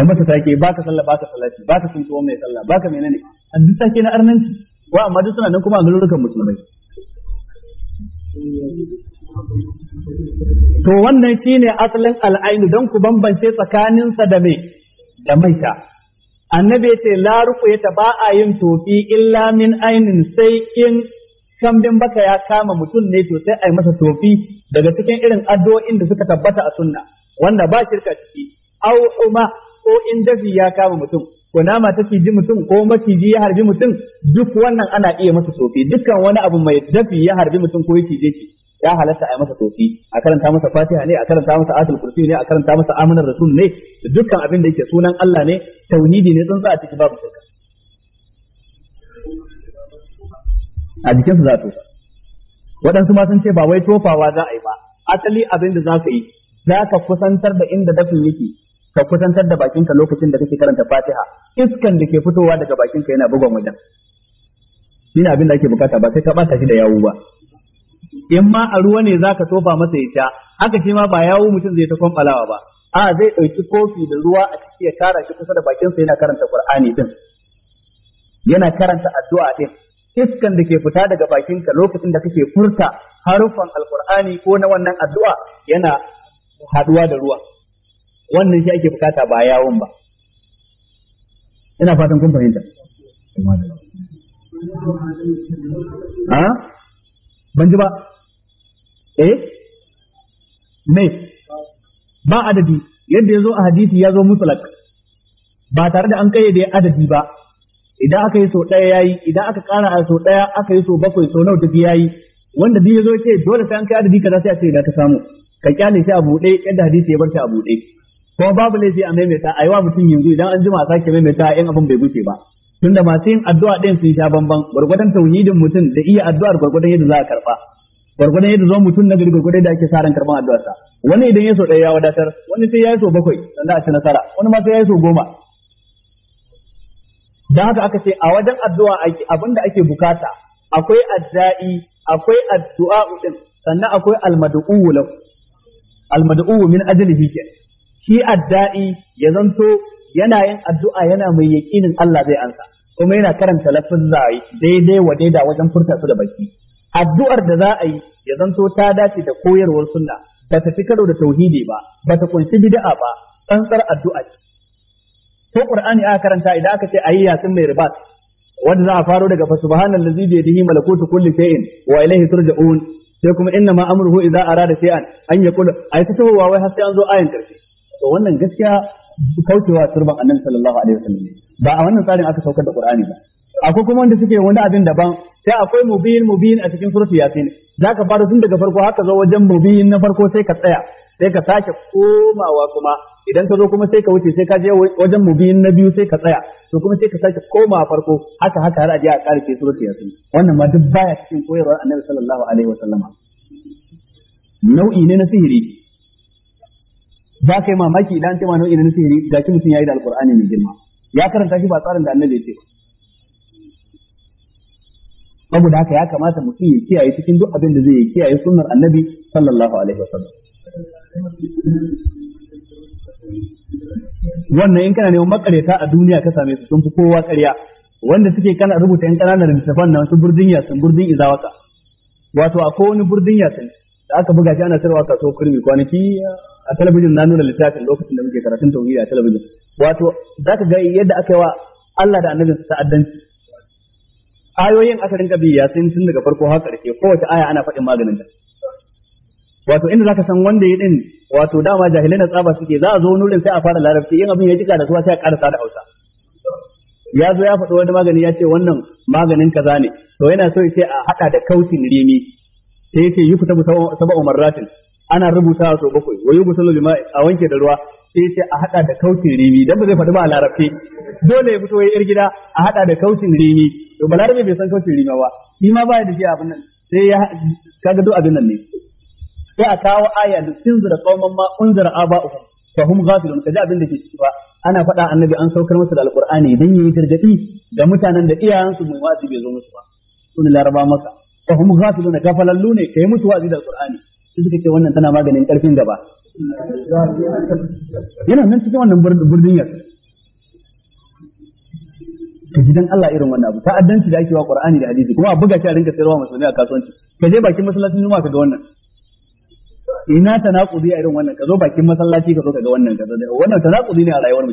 ai masa take baka sallah baka salati baka sun tuwo mai sallah baka menene an
duk take na arnanci
wa amma duk suna nan kuma a garurukan musulmai
to
wannan shine asalin al'ainu don ku bambance tsakaninsa da mai da maita annabi ya ce la ruqyata ba a yin tofi illa min ainin sai in kambin baka ya kama mutum ne to sai a masa tofi daga cikin irin addu'o'in da suka tabbata a sunna wanda ba shirka ciki au uma ko in dafi ya kama mutum ko nama ta ji mutum ko maciji ya harbi mutum duk wannan ana iya masa tofi dukkan wani abu mai dafi ya harbi mutum ko ya cije shi ya halatta a yi masa tofi a karanta masa fatiha ne a karanta masa atul kursi ne a karanta masa amanar rasul ne dukkan abin da yake sunan Allah ne tauhidi ne tsantsa a cikin babu shirka a jikinsu za a tofa waɗansu ma sun ce ba wai tofawa za a yi ba asali abin da za ka yi za ka kusantar da inda dafin yake ka kusantar da bakinka lokacin da kake karanta fatiha iskan da ke fitowa daga bakinka yana bugon wajen ina abin da ake bukata ba sai ka ɓata shi da yawu ba in ma a ruwa ne za ka tofa masa ya sha haka shi ma ba yawo mutum zai ta kwamfalawa ba a zai ɗauki kofi da ruwa a ciki ya tara shi kusa da bakinsa yana karanta Qur'ani din yana karanta addu'a din iskan da ke fita daga bakinka lokacin da kake furta harufan alqur'ani ko na wannan addu'a yana haduwa da ruwa wannan shi ake bukata ba yawon ba ina fatan kun fahimta ban ji ba eh me ba adadi yadda ya zo a hadisi ya zo mutlak ba tare da an kai kayyade adadi ba idan aka yi sau ɗaya yayi idan aka ƙara a sau ɗaya aka yi sau bakwai sau nawa tafi yayi wanda duk ya zo ce dole sai an kai adadi kaza sai a ce da ka samu ka kyale shi a buɗe yadda hadisi ya bar shi a buɗe kuma babu laifi a maimaita a yi wa mutum yanzu idan an jima sake maimaita in abin bai guce ba tunda masu yin addu'a ɗin sun sha bamban gwargwadon tauhidin mutum da iya addu'ar gwargwadon yadda za a karɓa gwargwadon yadda zuwa mutum na gari gwargwadon da ake sa ran karban addu'a sa wani idan ya so ɗaya ya wadatar wani sai ya yi so bakwai sannan a ci nasara wani ma sai ya yi so goma Don haka aka ce a wajen addu'a abin da ake bukata akwai adda'i akwai addu'a uɗin sannan akwai almadu'u lahu almad'u min ajlihi ke shi adda'i ya zanto yana yin addu'a yana mai yaƙinin Allah zai ansa kuma yana karanta lafin zai daidai wa daida wajen furta su da baki addu'ar da za a yi ya zanto ta dace da koyarwar sunna ba ta fi karo da tauhidi ba ba ta kunshi bid'a ba tsantsar addu'a ce ko qur'ani aka karanta idan aka ce ayi yasin mai ribat wanda za a faro daga fa subhanallazi bi yadihi malakutu kulli shay'in wa ilayhi turja'un sai kuma inna ma amruhu idza arada shay'an an yaqul ai ta tawowa wai har sai an zo ayan karshe to wannan gaskiya kaucewa turban annabi sallallahu alaihi wasallam ba a wannan tsarin aka saukar da qur'ani ba akwai kuma wanda suke wani abin daban sai akwai mubin mubin a cikin suratu yasin zaka fara tun daga farko haka zo wajen mubin na farko sai ka tsaya sai ka sake komawa kuma idan ka zo kuma sai ka wuce sai ka je wajen mubin na biyu sai ka tsaya to kuma sai ka sake komawa farko haka haka har a je a karfe suratu yasin wannan ma duk baya cikin koyarwar annabi sallallahu alaihi wasallama nau'i ne na sihiri za ka yi mamaki idan ce ma nau'i ne na sihiri ga mutum ya yi da alqur'ani mai girma ya karanta shi ba tsarin da annabi ya ce saboda haka ya kamata mutum ya kiyaye cikin duk abin da zai yi kiyaye sunnar annabi sallallahu alaihi wasallam wannan in kana neman makareta a duniya ka same su sun fi kowa ƙarya wanda suke kana rubuta yan kananan littafan nan su burdin yasin burdin izawaka wato akwai wani burdin yasin da aka buga shi ana sarwa kasuwar kurmi kwanaki a talabijin na nuna littafin lokacin da muke karatun tauhidi a talabijin wato zaka ga yadda aka yi wa Allah da annabinsa ta'addanci ayoyin aka rinka bi sun tun daga farko har ƙarshe kowace aya ana faɗin maganin ta wato inda zaka san wanda ya din wato dama jahilai na tsaba suke za a zo nurin sai a fara larabci yin abin ya jika da suwa sai a ƙarasa da Hausa ya zo ya faɗi wani magani ya ce wannan maganin kaza ne to yana so ya ce a haɗa da kautin rimi sai ya ce yi fita umar umarratin ana rubuta so bakwai wa yi lima a wanke da ruwa sai ce a haɗa da kaucin rimi dan ba zai faɗi ba a larabci dole ya fito ya yar gida a haɗa da kaucin rimi to balarabe bai san kaucin rimi ba shi ma baya da shi abin nan sai ya kaga duk abin nan ne sai a kawo aya da tunzira qauman ma unzira aba'uhum fa hum ghafilun kaji abin da ke ciki ba ana faɗa annabi an saukar masa da alqur'ani dan yayi gargadi ga mutanen da iyayensu mai wazi bai zo musu ba sunan laraba maka fa hum ghafilun gafalallu ne kai musu wazi da alqur'ani sai suka ce wannan tana maganin ƙarfin gaba yana nan cikin wannan birnin yar ka ji dan Allah irin wannan abu ta'addanci da ake wa Qur'ani da hadisi kuma a buga shi a rinka sayarwa musulmi a kasuwanci ka je bakin masallacin juma'a ka ga wannan ina tanakudi a irin wannan ka zo bakin masallaci ka zo ka ga wannan ka zo wannan tanakudi ne a rayuwar mu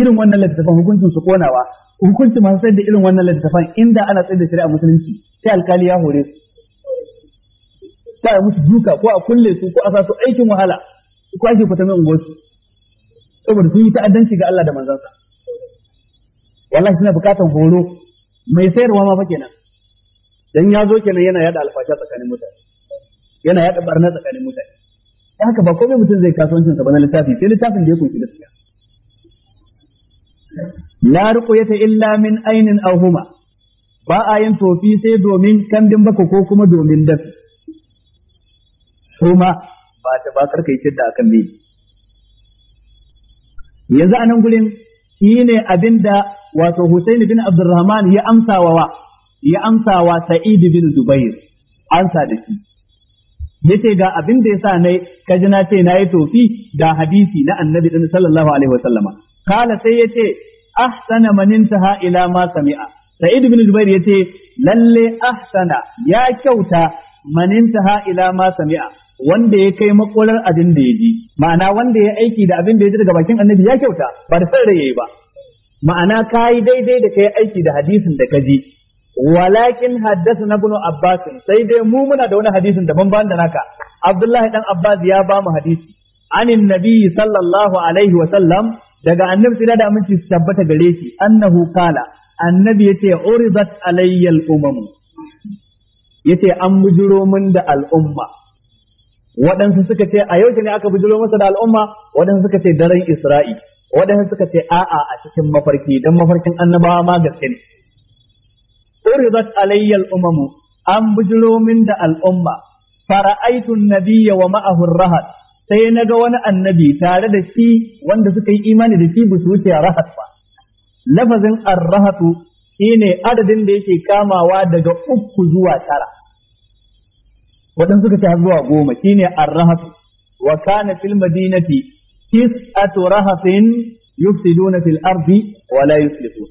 irin wannan littattafan hukuncin su konawa hukunci masu sayar da irin wannan littattafan inda ana sayar da shari'a musulunci sai alkali ya hore su ko a musu duka ko a kulle su ko a sa su aikin wahala ko ake fata mai ungosu saboda sun yi ta'addanci ga Allah da manzansa wallahi suna bukatan horo mai sayarwa ma fa kenan dan ya zo kenan yana yada alfasha tsakanin mutane yana yada barna
tsakanin mutane
dan haka ba komai mutum zai kasuwancin sa ba na littafi sai littafin da ya kunshi gaskiya la ruqyata illa min ainin aw huma ba a yin tofi sai domin kambin bako ko kuma domin dafi kai ma ba ta ba karka yi da akan bai. yanzu a nan gurin shi ne abin da wato Husaini bin Abdurrahman ya amsa wa ya wa Sa'id bin Zubair ansa da shi Ya ce ga abin da sa nai, kaji na ce na yi tofi ga hadisi na Annabi ɗin sallallahu alaihi wasallama kala sai ya yace ahsana man ha ila ma sami'a Sa'id bin Zubair ce, lalle ahsana ya kyauta man ha ila ma sami'a wanda ya kai makolar abin da ya ji ma'ana wanda ya aiki da abin da ya ji daga bakin annabi ya kyauta ba da san yi ba ma'ana kai daidai da kai aiki da hadisin da ka ji walakin na ibn abbas sai dai mu muna da wani hadisin daban ban da naka abdullahi dan abbas ya ba mu hadisi anin nabi sallallahu alaihi wa sallam daga annabi sai da aminci su tabbata gare shi annahu kala annabi yace uridat alayya al-umam yace an bujuro mun da al'umma waɗansu suka ce a yau ne aka bujiro masa da al'umma waɗansu suka ce daren isra'i waɗansu suka ce a'a a cikin mafarki dan mafarkin annabawa ma gaske ne uridat alayya al'umamu an bujiro min da al'umma fara'aitun nabiyya wa ma'ahu rahat sai na ga wani annabi tare da shi wanda suka yi imani da shi ba su wuce rahat ba lafazin arrahatu shine adadin da yake kamawa daga uku zuwa tara wadan suka ce zuwa goma shine ar-rahaf wa kana fil madinati tis'atu rahafin yufsiduna fil ardi wa la yuslihun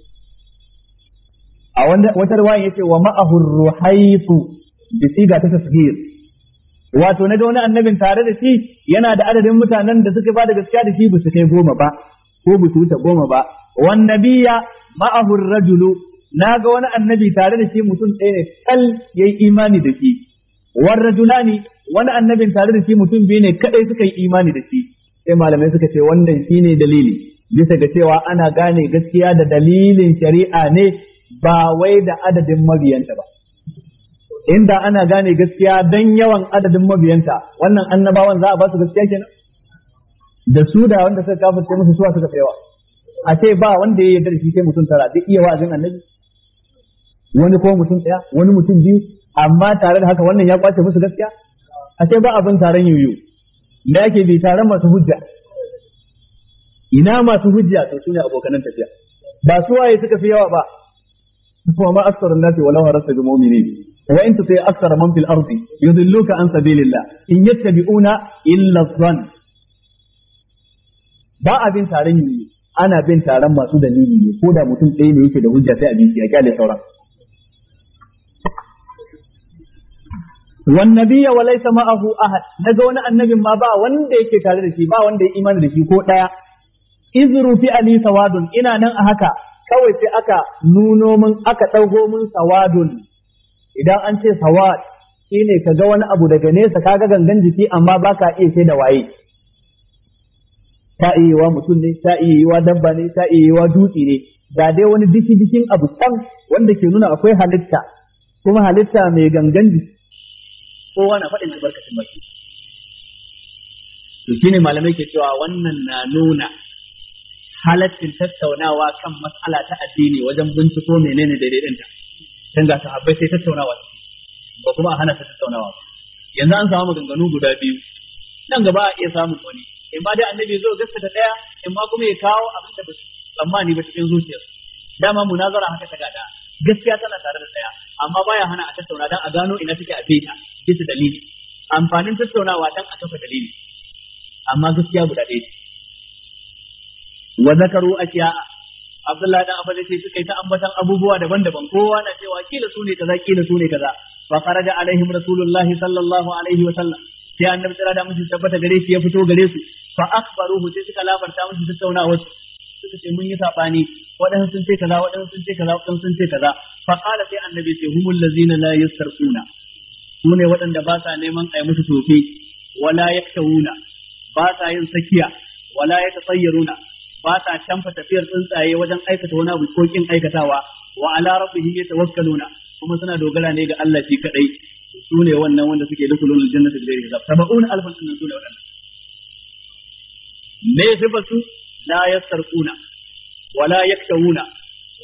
a wanda wata riwaya yace wa ma'ahu ruhaytu bi siga ta tasghir wato na ga wani annabin tare da shi yana da adadin mutanen da suka ba da gaskiya da shi ba su kai goma ba ko ba su wuce goma ba wan nabiyya ma'ahu rajulu na ga wani annabi tare da shi mutum ɗaya ne kal yayi imani da shi warrajulani wani annabin tare da shi mutum biyu ne kadai suka yi imani da shi sai malamai suka ce wannan shine dalili bisa ga cewa ana gane gaskiya da dalilin shari'a ne ba wai da adadin mabiyanta ba inda ana gane gaskiya dan yawan adadin mabiyanta wannan annabawan za a ba su gaskiya kenan da su da wanda suka kafa sai musu suwa suka tsayawa a ce ba wanda ya yarda da shi sai mutum tara duk iya wa'azin annabi wani ko mutum tsaya wani mutum biyu amma tare da haka wannan ya kwace musu gaskiya a ce ba abin taron yoyo da yake bi taron masu hujja ina masu hujja to sune ne tafiya ba su waye suka fi yawa ba kuma ma aksarun nasi walau harasta bi mu'mini wa in tuti aksara man fil ardi yudilluka an sabilillah in yattabi'una illa dhann ba abin taron yoyo ana bin taron masu dalili ne ko da mutum ɗaya ne yake da hujja sai a bi shi kyale sauran wan nabiyya wa laysa ma'ahu ahad daga wani annabin ma ba wanda yake tare da shi ba wanda ya imani da shi ko daya izru fi ali sawadun ina nan a haka kawai sai aka nuno mun aka ɗauko mun sawadun idan an ce sawad shine kaga wani abu daga nesa kaga gangan jiki amma baka iya sai da waye ta iya wa mutum ne ta iya wa dabba ne ta iya wa dutse ne Da dai wani dikidikin abu can wanda ke nuna akwai halitta kuma halitta mai gangan jiki kowa na faɗin albarkacin baki to shine malamai ke cewa wannan na nuna halaccin tattaunawa kan matsala ta addini wajen binciko menene daidai ɗinta dan ga sahabbai sai tattaunawa ta ba kuma a hana ta tattaunawa ba. yanzu an samu maganganu guda biyu nan gaba a iya samun wani in ba dai annabi zo gaskata daya in ma kuma ya kawo abin da ba su tsammani ba cikin zuciyarsu dama munazara haka ta gada gaskiya tana tare da ɗaya. amma baya hana a tattauna dan a gano ina take a fita su dalili amfanin tattaunawa dan a kafa dalili amma gaskiya guda ɗaya ce wa zakaru ashiya Abdullahi dan Abba sai suka yi ta ambatan abubuwa daban-daban kowa na cewa kila su ne kaza kila su ne kaza fa kharaja alaihim rasulullahi sallallahu alaihi wa sallam sai annabi tsira da musu tabbata gare shi ya fito gare su fa akhbaruhu sai suka labarta musu tattaunawa suka ce mun yi sabani waɗansu sun ce kaza waɗansu sun ce kaza waɗansu sun ce kaza fa qala sai annabi sai humul ladzina la yastarquna su ne waɗanda ba sa neman a yi musu tofe wala yaktawuna ba sa yin tsakiya, wala ya yatasayyaruna ba sa canfa tafiyar tsuntsaye wajen aikata wani abu ko kin aikatawa wa ala rabbihim yatawakkaluna kuma suna dogara ne ga Allah shi kadai su ne wannan wanda suke dukulun aljannata bi ghairi hisab sab'una alfan sunan su ne waɗannan me sifatu la yastarquna wala yaktawuna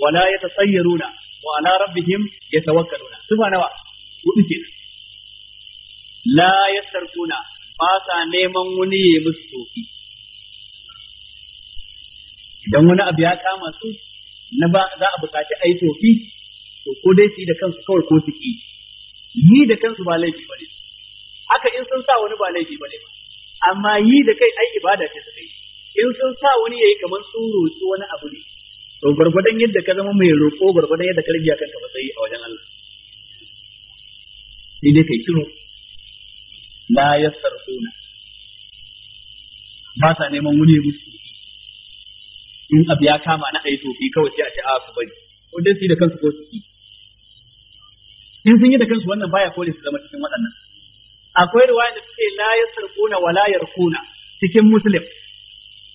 wala yatasayyaruna wa ala rabbihim yatawakkaluna sifa nawa hudu kenan la kuna ba sa neman wani ya musu tofi idan wani abu ya kama su na ba za a buƙaci a yi tofi to ko dai su yi da kansu kawai ko su ki yi da kansu ba laifi ba ne haka in sun sa wani ba laifi ba ne ba amma yi da kai ai ibada ce su yi in sun sa wani yayi kamar sun roƙi wani abu ne to gwargwadon yadda ka zama mai roƙo gwargwadon yadda ka rage kanka
sai a wajen Allah
sai dai kai shiru la suna ba sa neman wuni ya musu in abu ya kama na ayi tofi kawai sai a ce a su bari ko dai su yi da kansu ko su yi in sun yi da kansu wannan baya kore su zama cikin waɗannan akwai riwaya da suke la wa wala yarkuna cikin muslim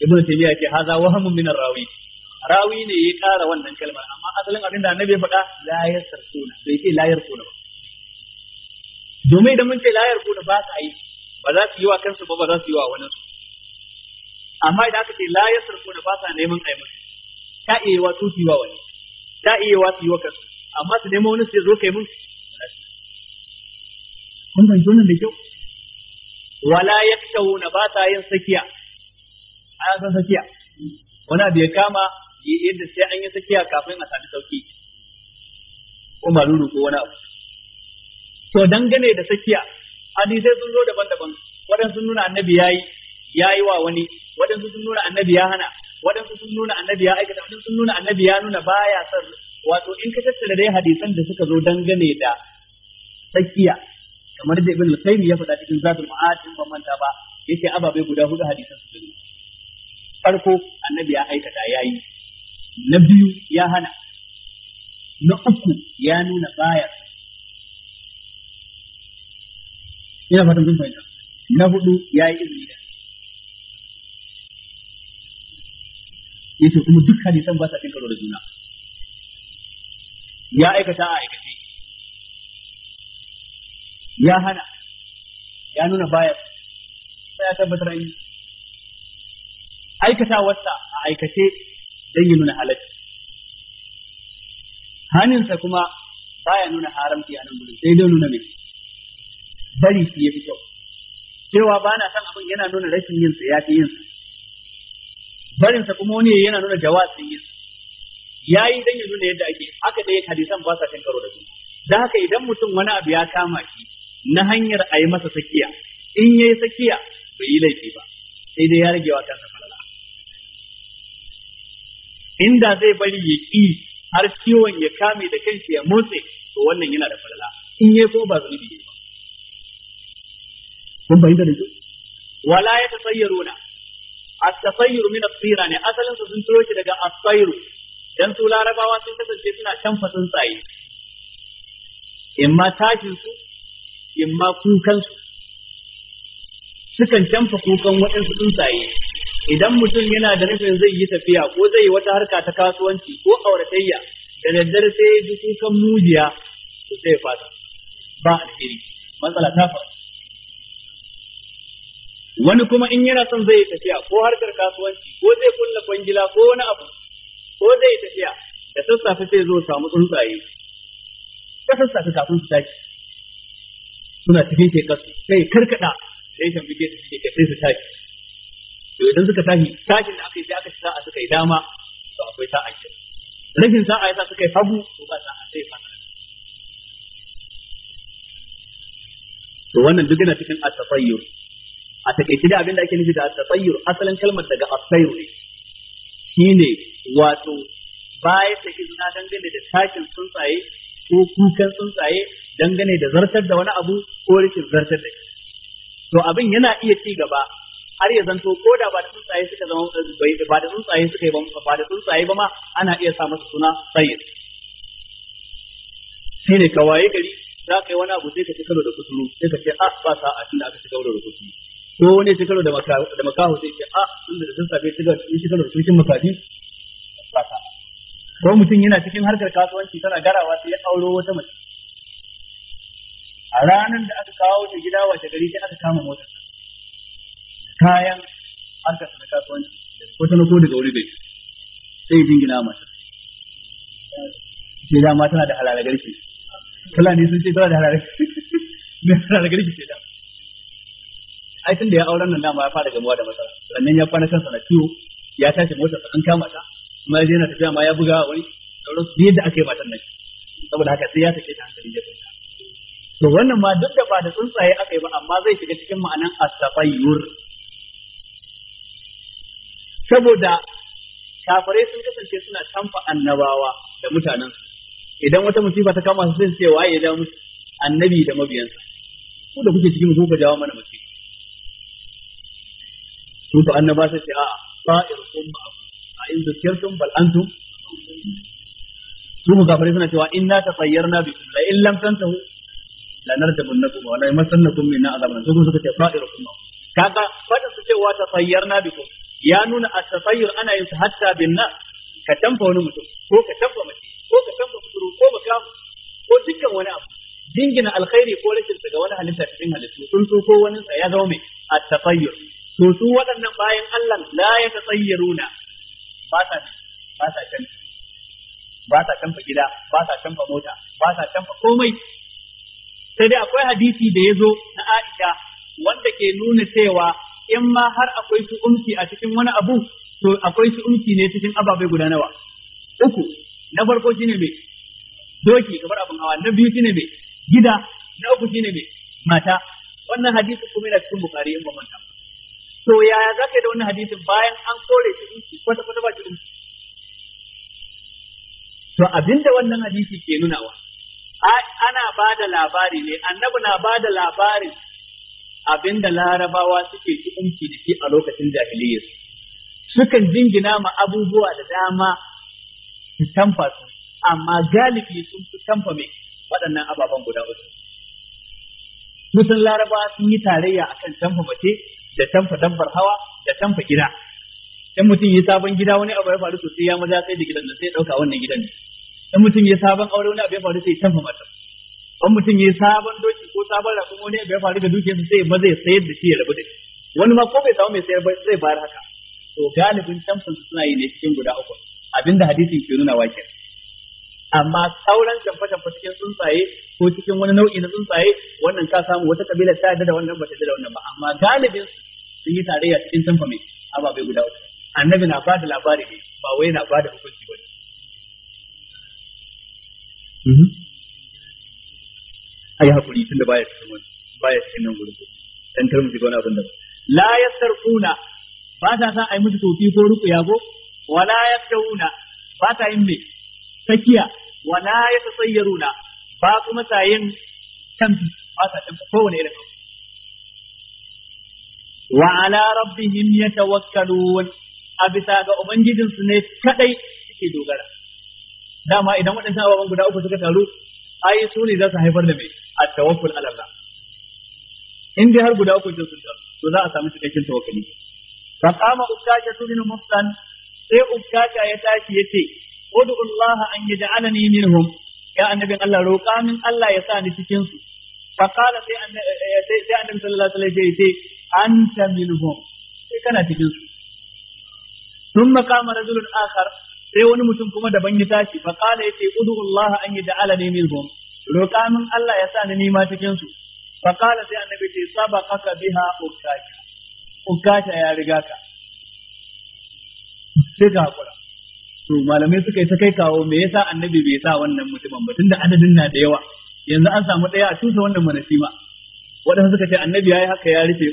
ibn taymiya yake haza wahamun min rawi rawi ne ya kara wannan kalmar amma asalin abinda annabi ya faɗa la suna bai ce la yarquna ba domin idan mun ce layar da ba su aiki ba za su yi wa kansu ba ba za su yi wa wani su amma idan aka ce layar da ba sa neman a yi ta iya wa su yi wa wani ta iya wa su yi wa kansu amma su nemo wani su zo kai mun
kun fahimci wannan da kyau
wala na ba sa yin sakiya ana san sakiya wani abu ya kama yadda sai an yi sakiya kafin a sami sauki ko maruru ko wani abu to dangane da sakiya hadisai sun zo daban-daban waɗansu sun nuna annabi ya yi wa wani waɗansu sun nuna annabi ya hana waɗansu sun nuna annabi ya aikata waɗansu sun nuna annabi ya nuna baya son wato in ka tattara dai hadisan da suka zo dangane da sakiya kamar da ibn al-qayyim ya faɗa cikin zadul ma'ad in ban manta ba yace ababe guda hudu hadisan su dinga farko annabi ya aikata ya yi. na biyu ya hana na uku ya nuna
baya son ina fatan kun
fahimta na hudu ya yi izini da Ya ce kuma duk hadisan ba sa cin karo da juna ya aikata a aikace ya hana ya nuna baya sai ya tabbatar an yi aikatawarsa a aikace don yi nuna halatta haninsa kuma baya nuna haramci a nan gudun sai dai nuna mai bari shi yafi kyau cewa ba na san abin yana nuna rashin yin sa yafi yin sa barin sa kuma wani yana nuna jawazin yin sa yayi dan ya nuna yadda ake haka dai hadisan ba sa cin karo da su da haka idan mutum wani abu ya kama shi na hanyar a yi masa sakiya in yayi sakiya bai yi laifi ba sai dai ya rage wa kansa falala inda zai bari ya ƙi har kiwon ya kame da kanshi ya motse to wannan yana da falala in yayi ko ba zunubi ba kun fahimta da wala ya tasayyaruna at-tasayyur min at tsira ne asalin su sun turo shi daga as dan su larabawa sun kasance suna canfa tsuntsaye imma tashin su imma kukan su sukan canfa kukan waɗansu tsuntsaye idan mutum yana da nufin zai yi tafiya ko zai yi wata harka ta kasuwanci ko auratayya da daddare sai ya ji kukan mujiya to sai ya fata ba alheri matsala ta faru wani kuma in yana son zai tafiya ko harkar kasuwanci ko zai kulla kwangila ko wani abu ko zai tafiya da sassafe sai zo samu tsuntsaye
da sassafe kafin su tashi suna cikin shekarsu sai karkada
sai tambike su ke sai su tashi to idan suka tashi tashin da aka yi sai aka ci sa'a suka yi dama to akwai sa'a ke rashin sa'a yasa suka yi hagu to ba sa'a sai fata to wannan duk yana cikin at-tafayyur a takaice da abin da ake nufi da tsayyur asalin kalmar daga asayyur Shi shine wato da ta izina dangane da takin tsuntsaye ko kukan tsuntsaye dangane da zartar da wani abu ko rikin zartar da shi to abin yana iya ci gaba har ya zanto ko da ba da tsuntsaye suka zama ba da tsuntsaye suka yi ba ba da tsuntsaye ba ma ana iya sa masa suna sayyid sai ne ka waye gari za ka yi wani abu sai ka ci karo da kusuru sai ka ce a ah, ba sa'a tunda aka ci karo da kusuru ko wani shi karo da makaho sai ce a ah, inda da sun sabe shi ga shi karo cikin makafi ko mutum yana cikin harkar kasuwanci tana garawa sai ya auro wata mace a ranar da aka kawo ta gida wace gari sai aka kama motar kayan
harkar na kasuwanci
ko ta nako daga wuri bai sai jingina mata sai dama tana da halalagarki garki fulani sun ce tana da halalagarki garki sai dama ai tun da ya auren nan dama ya fara gamuwa da matsala sannan ya kwana kansa na ciwo ya tashi motarsa an kama ta kuma ya yana tafiya ma ya buga wani sauran su yadda aka yi matan nan saboda haka sai ya take ta hankali ya kwanta to wannan ma duk da ba da tsuntsaye aka yi ba amma zai shiga cikin ma'anan astafayyur saboda kafirai sun kasance suna tamfa annabawa da mutanen idan wata musifa ta kama su sai su ce waye da musu annabi da mabiyansa ko da kuke cikin ku ka jawo mana musiba su fa annaba sai ce a'a sa'irukum ma'akum a in zikirtum bal antum su mu kafirai suna cewa inna tasayyarna bikum la in lam tantahu la narjabunnakum wa la yamassannakum minna azabun su suka ce sa'irukum ma'akum kaga fadin su cewa tasayyarna ku? ya nuna a tasayyur ana yin su hatta bin nas ka tamfa wani mutum ko ka tamfa mace ko ka tamfa kuturu ko makamu ko dukkan wani abu dingina alkhairi ko rashin daga wani halitta cikin halittu sun so ko wani ya zama mai at-tasayyur to su waɗannan bayan Allah la ya na ba sa ba sa can ba sa canfa gida ba sa canfa mota ba sa canfa komai sai dai akwai hadisi da ya zo na Aisha wanda ke nuna cewa in ma har akwai su umki a cikin wani abu to akwai su umki ne cikin ababai guda nawa uku na farko shine me doki kamar abin hawa na biyu shine me gida na uku shine me mata wannan hadisi kuma yana cikin bukari in ba manta to yaya za ka yi da wani hadisin bayan an kore shi inci kwata kwata ba shi inci to abinda wannan hadisi ke nunawa ana ba da labari ne Annabu na ba da labarin abinda larabawa suke ci inci da shi a lokacin da jahiliyyar sukan jingina ma abubuwa da dama su tamfa su amma galibi sun fi tamfa mai waɗannan ababen guda uku. Mutum larabawa sun yi tarayya akan tamfa mace da tamfa dambar hawa da tamfa gida dan mutum yi sabon gida wani abu ya faru sosai ya maza sai da gidan da sai dauka wannan gidan ne in mutum yi sabon aure wani abu ya faru sai tamfa mata dan mutum yi sabon doki ko sabon rakun wani abu ya faru da dukiyarsa sai maza ya sayar da shi ya rabu da shi wani ma ko bai samu mai sayar ba zai bayar haka to galibin tamsan suna yi ne cikin guda uku abinda hadisin ke nuna wa amma sauran tamfa-tamfa cikin tsuntsaye ko cikin wani nau'i na tsuntsaye wannan ka samu wata kabila ta yadda da wannan ba ta yadda da wannan ba amma galibin sun yi tarayya cikin tamfa mai ababai guda uku annabi na bada labari ne ba wai na bada hukunci ba ne mhm. ai hakuri tunda baya cikin wani baya cikin nan gurin dan kar mu wani abin da ba la yasarquna ba ta sa ai musu tofi ko ruku yago wala yaktuna ba ta yin me sakiya wa ya yatasayyaruna ba kuma sa tambi ba sa tambi ko irin abu wa ala rabbihim yatawakkalun a bisa ga su ne kadai suke dogara dama idan waɗannan ababen guda uku suka taru ai su ne za su haifar da mai a tawakkul ala Allah in dai har guda uku sun taru to za a samu cikakken tawakkali fa qama ubtaka tudinu mustan sai ubtaka ya tashi yace ud'u Allah an yaj'alani minhum ya annabin Allah roƙa min Allah ya sa ni cikin su fa qala eh, eh, sai annabi sallallahu alaihi wasallam sai anta minhum sai kana cikin su sai wani mutum kuma daban ya tashi fa qala yace ud'u Allah an yaj'alani minhum roƙa min Allah ya sa ni nima cikin su fa qala sai annabi ce sabaqaka biha ukaka ukaka ya riga ka sai ka hakura to malamai suka yi ta kai kawo me yasa annabi bai sa wannan mutumin ba tunda adadin na da yawa yanzu an samu daya a tusa wannan manasima wadanda suka ce annabi yayi haka ya rufe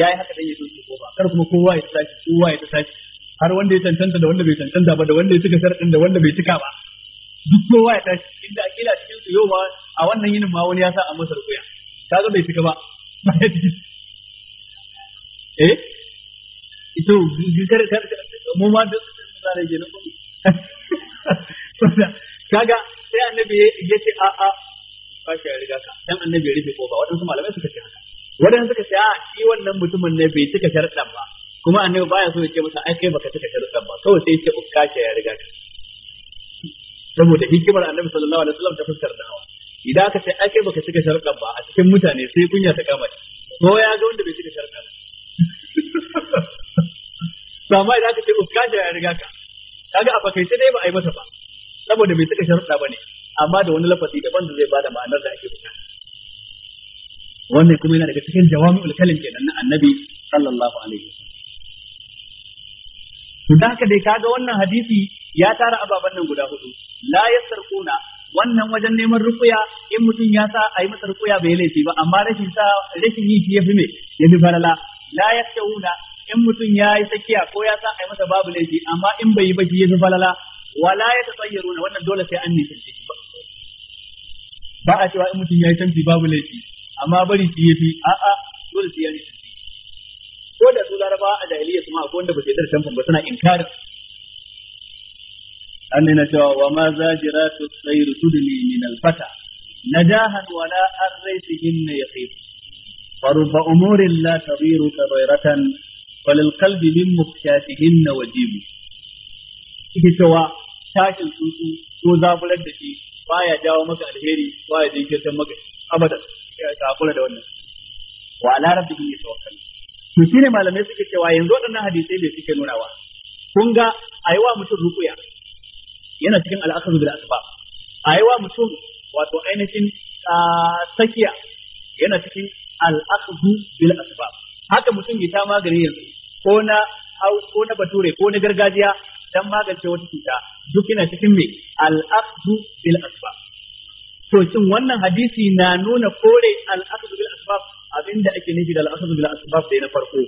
yayi haka dan ya tusa ba, kar kuma kowa ya tashi kowa ya tashi har wanda ya tantanta da wanda bai tantanta ba da wanda ya cika sharadin da wanda bai cika ba duk kowa ya tashi inda akila cikin su yau ma a wannan yinin ma wani ya sa a masa rukuya kaga bai cika ba
eh ito
mu ma duk da misalai kenan kaga sai annabi ya ce a a ba shi ya riga ka dan annabi ya rufe kofa waɗansu malamai suka ce haka waɗansu suka ce a shi wannan mutumin ne bai cika sharɗan ba kuma annabi baya so ya ce masa ai kai baka cika sharɗan ba kawai sai ya ce ukka ya riga ka saboda hikimar annabi sallallahu alaihi wasallam ta fuskar dawa idan aka ce ai kai baka cika sharɗan ba a cikin mutane sai kunya ta kama shi ko ya ga wanda bai cika sharɗan ba amma idan aka ce ukka ya riga ka kaga a sai dai ba a yi masa ba saboda bai tsaka sharuɗa ba ne amma da wani lafazi daban da zai bada ma'anar da ake buƙata. wannan kuma yana daga cikin jawami'ul kalim kenan na annabi sallallahu alaihi wasallam to da haka dai kaga wannan hadisi ya tara ababen nan guda hudu la yasarquna wannan wajen neman rukuya in mutum ya sa a yi masa rukuya bai laifi ba amma rashin sa rashin yi shi yafi me yafi farala la yakhshawuna in mutum ya yi tsakiya ko ya sa a yi masa babu laifi amma in bai yi ba shi ya fi falala wala ya tasayyaruna wannan dole sai an nisan shi ba ba a cewa in mutum ya yi tamfi babu laifi amma bari shi yafi a'a dole sai ya nisan shi ko da su laraba a jahiliya su ma akwai wanda ba sai dar tamfin ba suna inkarin an na cewa wa ma zajiratu sayru tudni min al-fata najahan wala arraytihinna yaqib فرب أمور لا تضير كبيرة falil qalbi min mukshatihinna wajibu ita cewa tashin tutu, ko zaburar da shi baya jawo maka alheri baya jinkirtan maka abadan kafura da wannan wa ala rabbihim yatawakkalu to shine malamai suke cewa yanzu waɗannan hadisai da suke nunawa kun ga aiwa mutum rukuya yana cikin al'akhadhu bil asbab aiwa mutum wato ainihin ah, sakiya yana cikin al'akhadhu bil asbab haka mutum ya sha magani yanzu ko na ko na bature ko na gargajiya dan magance wata cuta duk yana cikin me al bil asbab to shin wannan hadisi na nuna kore al-akhdhu bil asbab abinda ake nufi da al-akhdhu bil asbab da na farko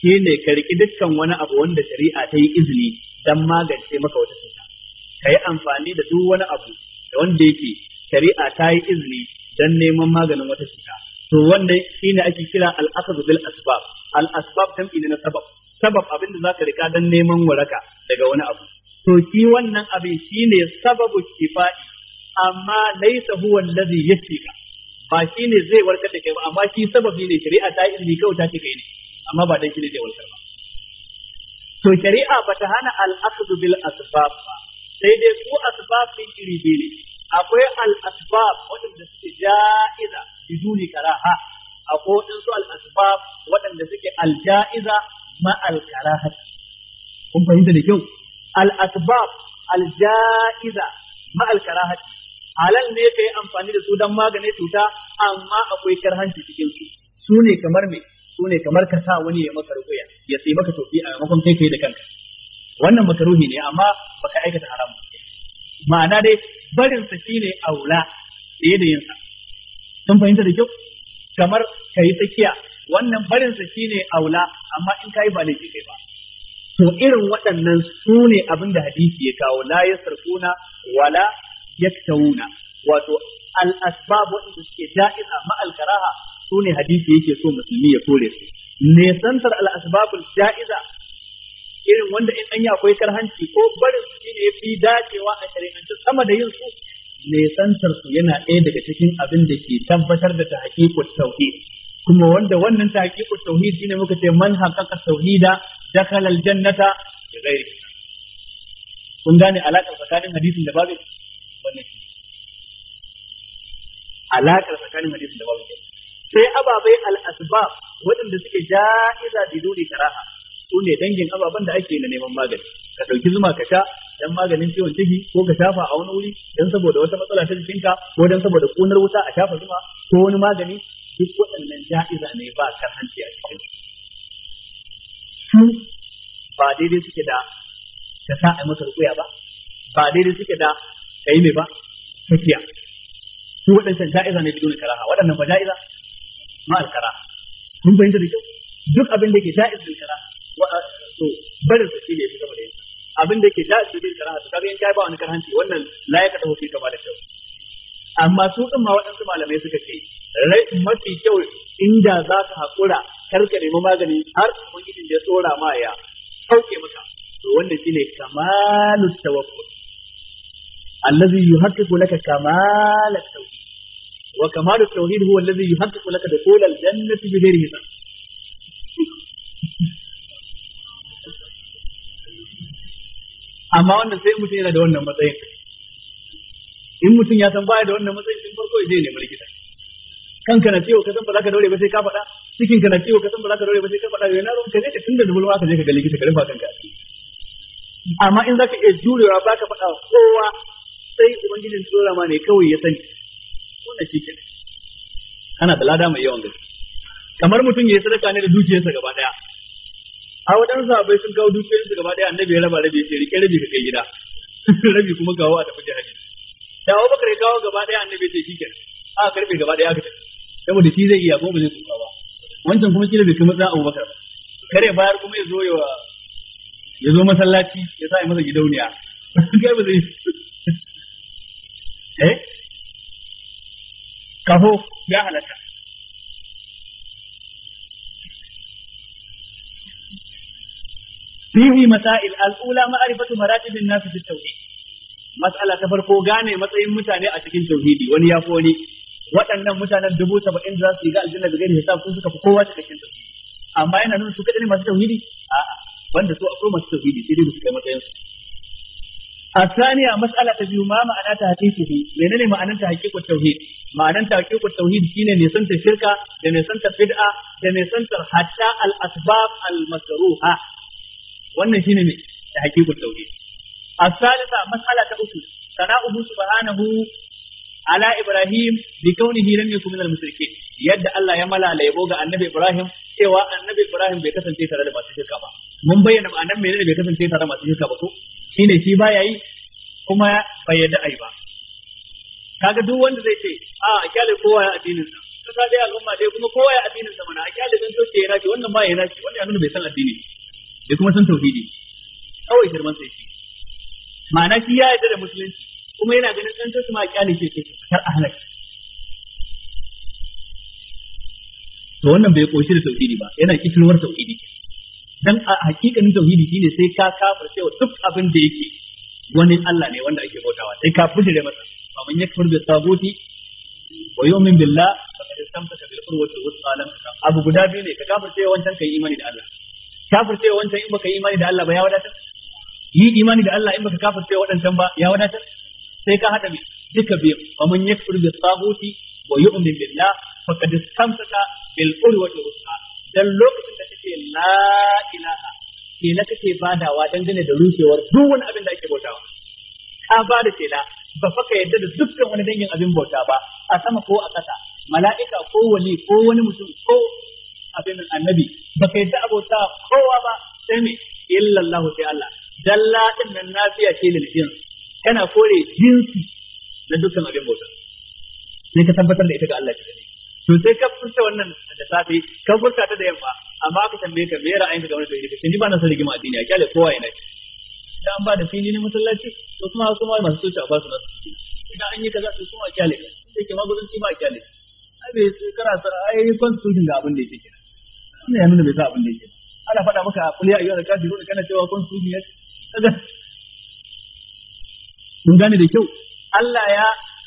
shine ka riki dukkan wani abu wanda shari'a ta yi izini dan magance maka wata cuta kai amfani da duk wani abu da wanda yake shari'a ta yi izini dan neman maganin wata cuta to wanda shine ake kira al bil asbab al-asbab tamki na sabab sabab abin da zaka rika dan neman waraka daga wani abu to shi wannan abin shine sababu kifai amma laysa huwa alladhi yashfika ba ne zai warkar da kai ba amma shi sababi ne shari'a ta izini kawai ta ce kai ne amma ba dan ne zai warkar ba to shari'a ba ta hana al-asab bil asbab ba sai dai su asbab sun ne akwai al-asbab suke ja'iza biduni karaha a kodin su al-asbab waɗanda suke al ma al-karaha kun fahimta da kyau al-asbab ma al-karaha halal ne kai amfani da su dan magane cuta amma akwai karhanci cikin su su ne kamar me su ne kamar ka sa wani ya maka rukuya ya sai a kai kai da kanka wannan makaruhi ne amma baka aikata haram ma'ana dai barin sa shine aula fiye da yin sa sun fahimta da kyau kamar ka yi tsakiya wannan barinsa ne aula amma in ka yi ba laifi kai ba to irin waɗannan su ne abin da hadisi ya kawo la yasrifuna wala yaktawuna wato al asbab suke da'iza ma su ne hadisi yake so musulmi ya kore su nesantar al da'iza irin wanda in an yi akwai karhanci ko barin su shine yafi dacewa a shari'ance sama da yin su nesantar su yana ɗaya daga cikin abin da ke tabbatar da tahqiqut tauhid kuma wanda wannan tahqiqut tauhid shine muka ce man haqqaqa tauhida dakhala aljannata da ghairi kun gane alaƙar tsakanin hadisin da babu wannan alaƙar tsakanin hadisin da babu sai ababai al-asbab waɗanda suke ja'iza biduni karaha su ne dangin ababen da ake na neman magani ka dauki zuma ka sha dan maganin ciwon ciki ko ka shafa a wani wuri dan saboda wata matsala ta jikinka ko dan saboda kunar wuta a shafa zuma ko wani magani duk waɗannan ja'iza ne ba hanci a cikin su ba daidai suke da ka sa a masa rukuya ba ba daidai suke da ka yi mai ba tafiya su waɗancan ja'iza ne bidon karaha waɗannan ba ja'iza ma alkara kun fahimta da kyau duk abin da ke ja'iz bil karaha to barin su shine fi gaba da yin abin da ke da su bin karaha su kaga in kai ba wani karhanci wannan la ya kada hukunta ba da kyau amma su din ma waɗansu malamai suka ce rai mafi kyau inda za ka haƙura kar ka nemi magani har kuma ubangijin da ya tsora ma ya sauke maka to wannan shine kamalu tawakkul allazi yuhaqqiqu laka kamal at-tawhid wa kamal at-tawhid huwa allazi yuhaqqiqu laka dukhul al-jannati bi ghairi hisab amma wannan sai mutum yana da wannan matsayin in mutum ya san baya da wannan matsayin tun farko ya je ne likita kanka na ciwo ka san ba za ka daure ba sai ka faɗa cikin ka na ciwo ka san ba za ka daure ba sai ka faɗa yana ruwan ka ne tun da dubul ka je ka ga likita ka rufa kanka amma in za ka iya jurewa ba ka faɗa kowa sai ubangijin tsora ma ne kawai ya sani wannan shi kenan kana da lada mai yawan gaske kamar mutum ya yi sadaka ne da dukiyarsa gaba daya a wajen sahabbai sun kawo dukiyoyin su gaba daya annabi ya raba rabi ya rike rabi ka kai gida rabi kuma kawo a tafi jihadi da Abubakar ya kawo gaba daya annabi ya ce shikenan aka karbe gaba daya aka tafi saboda shi zai iya kuma ba zai tsufa ba wancan kuma kila bai kai matsayin Abubakar kare bayar kuma ya zo ya zo masallaci ya sa masa gidauniya
kai ba zai eh kafo ya halatta
fihi masail al-ula ma'rifatu maratib an-nas fi mas'ala ta farko gane matsayin mutane a cikin tauhidi wani ya wani waɗannan mutanen dubu saba'in za su yi ga aljanna da gairi sun suka kowa cikakken tauhidi amma yana nuna su kaɗai masu tauhidi a'a banda su akwai masu tauhidi sai dai su kai matsayin su الثانية مسألة تبيو ما معنى تحقيقه لأن معنى تحقيق التوحيد معنى تحقيق التوحيد كينا نسنت الشركة نسنت البدعة نسنت حتى الأسباب المكروهة wannan shine ne da hakikun tauhid as-salisa mas'ala ta uku ubu subhanahu ala ibrahim bi kaunihi lam yakun min al-mushrikeen yadda Allah ya mala laibo ga annabi ibrahim cewa annabi ibrahim bai kasance tare da masu shirka ba mun bayyana ba ma'anar menene bai kasance tare da masu shirka ba to shine shi baya yi kuma bai yadda ai ba kaga duk wanda zai ce a a kyale kowa ya addinin sa kasa dai al'umma dai kuma kowa ya addinin sa mana a kyale so toke ya nashi wannan ba ya nashi wannan ya nuna bai san addini
da kuma san tauhidi
kawai shirman sai shi ma'ana shi ya yarda da musulunci kuma yana ganin san tasu ma kyale shi ke kar a to wannan bai koshi da tauhidi ba yana kishirwar tauhidi dan a hakikanin tauhidi shine sai ka kafar cewa duk abin da yake wani Allah ne wanda ake bautawa sai ka fushire masa fa man yakfur bi taguti wa yu'min billah faqad istamsaka bil qurwati wa salam abu guda biyu ne ka kafar cewa wancan kai imani da Allah kafirce wancan in baka yi imani da Allah ba ya wadatar yi imani da Allah in baka kafirce waɗancan ba ya wadatar sai ka hada duka biyu wa man yakfur bi tsaguti wa yu'min billah faqad istamsaka bil urwati wusqa dan lokacin
da kake la ilaha
ke na kake badawa dangane da rushewar duk wani abin da ake bautawa ka bada kela ba fa ka yadda da dukkan wani dangin abin bauta ba a sama ko a ƙasa mala'ika ko wali ko wani mutum ko abin annabi ba kai ta abota kowa ba sai me illa Allah sai Allah dalla din nan nafiya ce lil jins kana kore jinsi na dukkan abin bauta sai ka tabbatar da ita ga Allah kadai to sai ka furta wannan da safe ka furta ta da yamma amma ka tambaye ka me ra'ayin ka ga da ita sai ni ba na san rigima addini a kyale kowa yana da an ba da fili ne masallaci to kuma su ma masu soci a ba su nasu idan an yi kaza to su ma kyale sai ke magudanci ba kyale ai bai karasa ai constitution ga abin da yake kenan wannan ya nuna bai sa abin da yake ana faɗa maka a a kul ya ayyuhal kafirun kana cewa kun su ne kaga kun gane da kyau Allah ya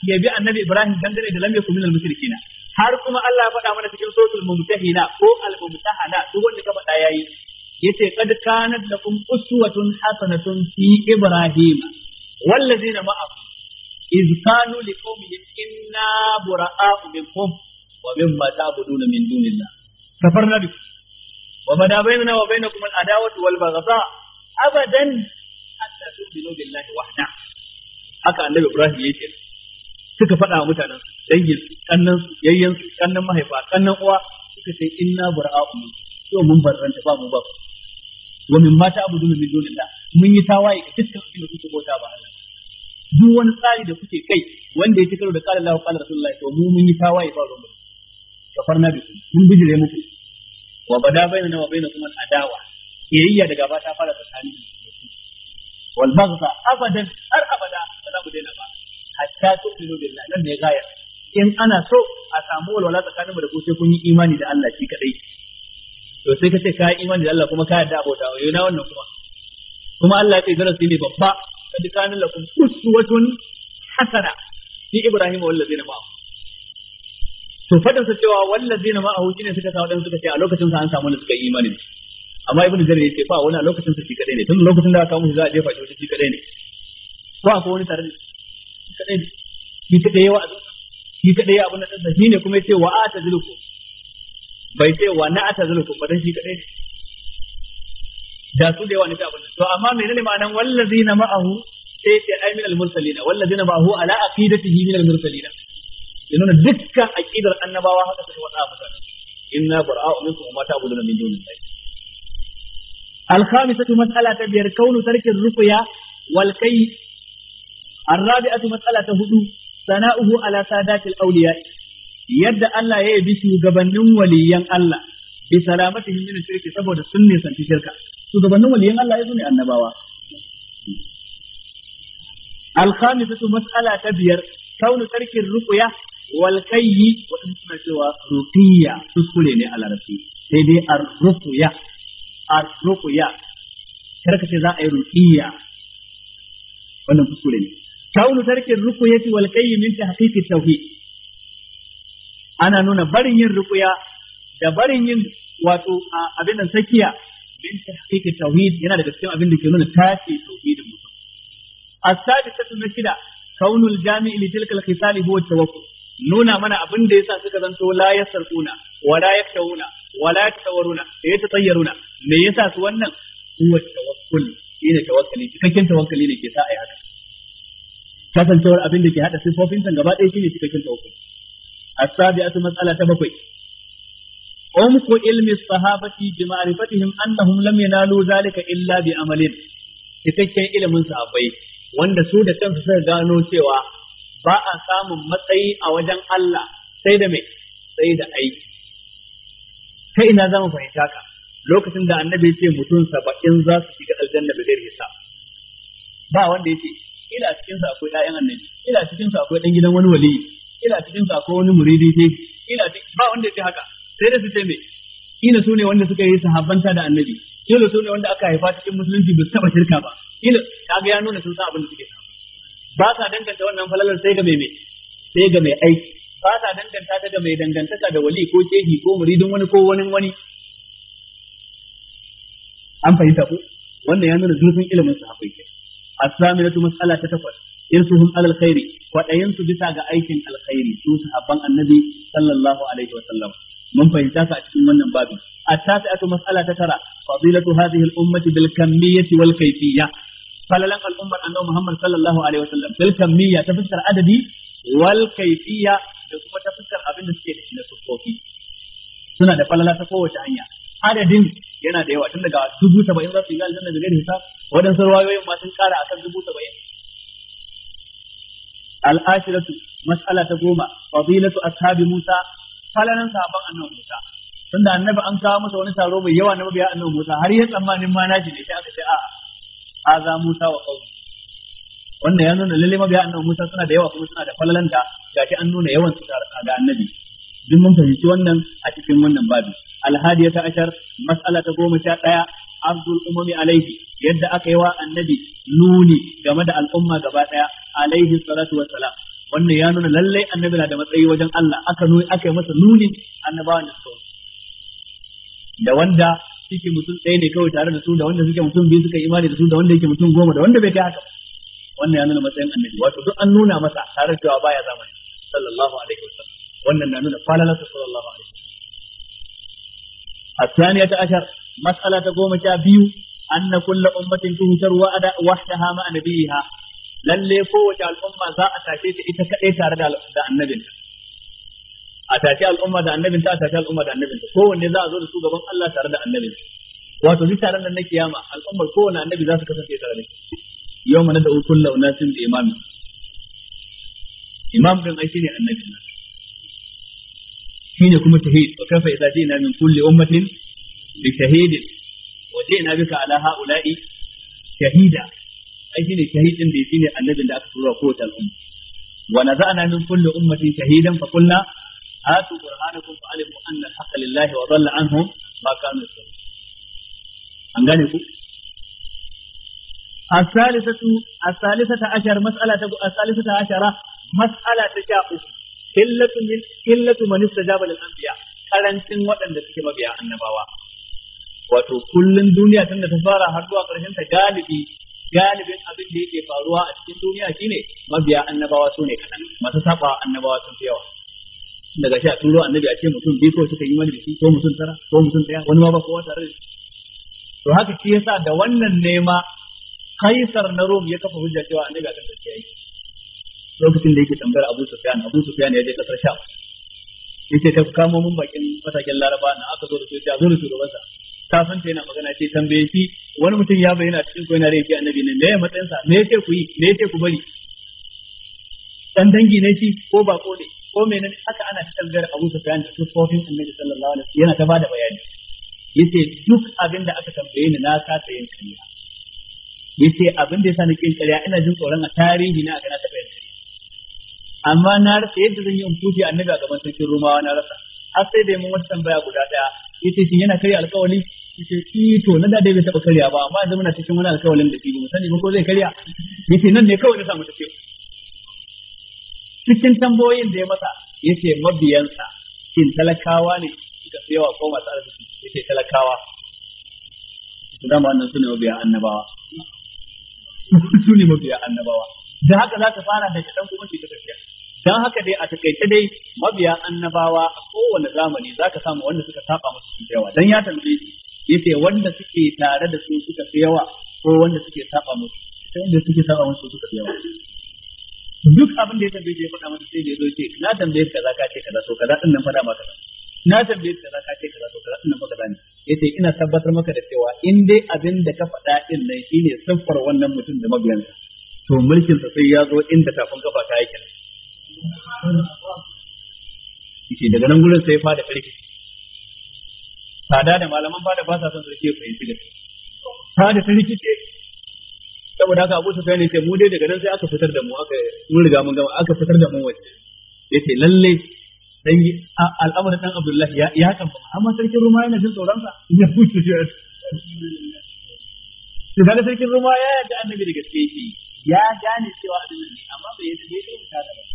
yabi annabi Ibrahim dangane da lam yakun minal mushrikina har kuma Allah ya faɗa mana cikin suratul mumtahina ko al mumtahana duk wanda ka faɗa yayi yace kad kanat lakum uswatun hasanatun fi ibrahim wallazina ma'ahu iz kanu liqaumihim inna bura'a'u minkum wa mimma ta'buduna min dunillah Safar na da wa bada bainana wa bainakum al adawa wal baghdha abadan hatta tu'minu billahi wahda haka annabi Ibrahim yake suka faɗa wa mutanen su dangin su kannan su yayyen su kannan mahaifa kannan uwa suka ce inna bara'u min to mun barranta ba mu ba wa min mata abudu min da, mun yi tawaye ga dukkan abin da kuke bauta ba Allah duk wani tsari da kuke kai wanda ya ci karo da qala Allahu qala Rasulullahi to mu mun yi tawaye ba ruwan na bi mun bijire muku wa bada bainana wa bainakum kuma adawa kiyayya daga ba ta fara tsakani wal baghza abadan har abada ba za mu daina ba hatta tu'minu billahi nan ne gaya in ana so a samu walwala tsakanin mu da ku sai kun yi imani da Allah shi kadai to sai ka ce ka yi imani da Allah kuma ka yarda abota wa yana wannan kuma kuma Allah ya ce darasi ne babba kad kana lakum uswatun hasana ni ibrahim wal ladina ma'ahu su fadin su cewa wallazina ma'ahu shine suka sa dan suka ce a lokacin sa an samu wanda suka yi imani amma ibnu jarir yace fa wani a lokacin sa shi kadai ne tun lokacin da aka shi za a jefa shi shi kadai ne ko akwai wani tare da shi kadai ne shi kadai yawa shi kadai abin da sa shine kuma yace wa atazilukum bai ce wa na atazilukum ba dan shi kadai ne da su da yawa ne ta abin to amma menene ma'anan wallazina ma'ahu sai ce ai min al-mursalina wallazina ma'ahu ala aqidatihi min al-mursalina in nuna dukkan aƙidar annabawa haka suka faɗa a mutane inna qur'a wa minkum ma ta'buduna min dunillahi al-lahi al-khamisatu mas'alatu biyar kaunu tarki ar-rukya wal kay ar-rabi'atu mas'alatu hudu sana'uhu ala sadatil awliya yadda Allah ya yabi shugabannin waliyan Allah bi salamatihim min shirki saboda sun ne santi shirka shugabannin waliyan Allah ya zo annabawa al-khamisatu mas'alatu biyar kaunu tarki ar-rukya walkayi kayyi wadanda suna cewa ruqiyya kuskure ne a larabci sai dai a ruqya a ruqya karka ce za a yi ruqiyya wannan kuskure ne kaunu tarkin ruqyati fi walkayi min tahqiqi tauhi ana nuna barin yin ruqya da barin yin wato abin nan sakiya min tahqiqi tauhi yana daga cikin abin da ke nuna tauhi da mutum as-sadisatu na shida kaunul jami'i li tilka al huwa tawakkul nuna mana abin da yasa suka zanto la yasarquna wa la yaktawuna wa la yatawaruna da eh, ya yatatayyaruna me yasa su wannan
huwa tawakkul
ina tawakkali cikakken tawakkali ne ke sa ai haka kasancewar abin da ke hada sifofin san gaba ɗaya shine cikakken tawakkul as-sabi'atu mas'ala ta bakwai umku ilmi sahabati bi ma'rifatihim annahum lam yanalu zalika illa bi amalin cikakken ilimin sahabbai wanda su da kansu suka gano cewa ba a samun matsayi a wajen Allah sai da mai sai da aiki ta ina za mu fahimta ka lokacin da annabi ce mutum saba'in za su shiga aljanna bi zai hisa. ba wanda yake ila cikin sa akwai ƴaƴan annabi ila cikin sa akwai dan gidan wani wali ila cikin sa akwai wani muridi dai ila ba wanda yake haka sai da su ce mai. ila sune wanda suka yi sahabbanta da annabi ila sune wanda aka haifa cikin musulunci ba su taba shirka ba ila kaga ya nuna sun san abin da suke samu ba sa danganta wannan falalar sai ga mai mai sai ga mai aiki ba sa danganta ta ga mai dangantaka da wali ko shehi ko muridin wani ko wani wani an fahimta ko wannan ya nuna zurfin ilimin sahabbai ke as-saminatu mas'ala ta takwas irsuhum alal khairi kwadayin su bisa ga aikin alkhairi su sahabban annabi sallallahu alaihi wa sallam mun fahimta ka a cikin wannan babi at-tasi'atu mas'ala ta tara fadilatu hadhihi al-ummati bil kamiyyati wal kayfiyya falalan al'ummar annabi Muhammad sallallahu alaihi wasallam bil kamiyya ta fuskar adadi wal kayfiyya da kuma ta fuskar abin da suke da shi na sufofi suna da falala ta kowace hanya adadin yana da yawa tun daga dubu saba'in za su yi aljanna da gari hisab waɗansu ruwayoyin ma sun ƙara akan dubu saba'in al'ashiratu mas'ala ta goma fadilatu ashabi musa falalan sahabban annabi musa tunda annabi an kawo masa wani taro mai yawa na mabiya annabi musa har ya tsammanin ma naji ne sai aka ce a'a aza Musa wa wannan ya nuna lalle mabiya annabi Musa suna da yawa kuma suna da falalanta ga shi an nuna yawan a ga annabi duk mun fahimci wannan a cikin wannan babi ya ashar mas'ala ta goma sha ɗaya abdul umami alaihi yadda aka yi wa annabi nuni game da al'umma gaba ɗaya alaihi salatu wa salam. wannan ya nuna lallai annabi na da matsayi wajen Allah aka nuni aka yi masa nuni annabawan da suka da wanda suke mutum ɗaya ne kawai tare da su da wanda suke mutum biyu suka imani da su da wanda yake mutum goma da wanda bai kai haka wannan ya nuna matsayin annabi wato duk an nuna masa tare da cewa baya zamani
sallallahu alaihi
wasallam wannan na nuna falalarsa sallallahu alaihi wasallam الثانية ta goma قوم biyu. أن كل أمة تهتر وحدها مع نبيها lalle kowace al'umma za a tashe ta ita kadai tare da annabinta a tashi al'umma da annabin ta a tashi al'umma da annabin ta kowanne za a zo da su gaban Allah tare da annabin wato duk taron nan na kiyama al'ummar kowanne annabi za su kasance tare da shi yau mana da ukun launatin da imami imam din ai shine annabi. nan shine kuma shahid wa kafa idza jina min kulli ummatin bi shahidin wa jina bika ala haula'i shahida ai shine shahidin da shine annabin da aka tura kowace al'umma wa naza'na min kulli ummatin shahidan fa qulna
hatu qur'anakum fa alimu anna al-haqqa
lillahi wa dhalla anhum ma kanu yasrun an gane ku الثالثة الثالثة عشر مسألة الثالثة عشرة مسألة تشاؤم قلة من قلة من استجاب للأنبياء karancin waɗanda suke mabiya annabawa wato kullum duniya tun da ta fara har zuwa ƙarshen ta galibi galibin abin da yake faruwa a cikin duniya shine mabiya annabawa su ne kaɗan masu saba annabawa sun fi yawa daga shi a turo annabi a ce mutum biyu ko suka yi wani da shi ko mutum tara ko mutum daya wani ma ba kowa tare da shi to haka shi yasa da wannan nema kaisar na Rom ya kafa hujja cewa annabi akan gaskiya yake lokacin da yake tambayar Abu Sufyan Abu Sufyan ya je kasar ya ce ka kamo mun bakin matakin Laraba na aka zo da su ya zo da shugabansa ta san ta yana magana ce tambaye shi wani mutum ya bayyana cikin ko yana rai annabi ne me ya matsayinsa me ce ku yi me ce ku bari dan dangi ne shi ko ko ne ko menene haka ana a Abu Sufyan da sufofin Annabi sallallahu alaihi wasallam yana ta bada bayani yace duk abin da aka tambaye ni na kasa yin kariya yace abin da yasa ni kin kariya ina jin tsoron a tarihi na aka na ta bayani amma na rasa yadda zan yi in kushe Annabi a gaban sarkin Rumawa na rasa har sai da mun wata tambaya guda daya yace shin yana karya alƙawari yace shi eh to na da dai bai taba karya ba amma yanzu muna cikin wani alƙawarin da shi ba mu sani ba ko zai karya yace nan ne kawai na samu tafiya cikin tambayoyin da ya masa ce mabiyansa shin talakawa ne suka fi yawa ko masu arziki ce talakawa su dama wannan ne mabiya annabawa su ne mabiya annabawa Don haka za ta fara da kaɗan kuma ce ta tafiya don haka dai a takaice dai mabiya annabawa a kowane zamani za ka samu wanda suka saba musu
su yawa don ya
tambaye shi ce wanda suke tare da su suka fi yawa ko wanda suke saba musu
wanda suke saba
musu suka fi yawa duk abin da ya tambaye ya faɗa mata sai da ya zo ce na tambaye ka kaza ka ce kaza so kaza din nan faɗa maka na tambaye ka kaza ka ce kaza so kaza din nan faɗa kaza ne yace ina tabbatar maka da cewa in dai abin da ka faɗa din nan shine siffar wannan mutum da mabiyansa to mulkin sa sai ya zo inda tafin kafa ta yake yace daga nan gurin sai fada sarki sada da malaman fada ba sa son sarki ya fahimci ta da sarki ce saboda haka Abu Sufyan yace mu dai daga nan sai aka fitar da mu aka mun riga mun gama aka fitar da mu waje yace lalle dan al'amarin dan Abdullahi ya ya kan amma sarkin ruma yana jin tsoron sa ya fushi shi to da sarkin ruma ya yadda annabi da gaske yake ya gane cewa abin ne amma bai yadda bai yi ta da ba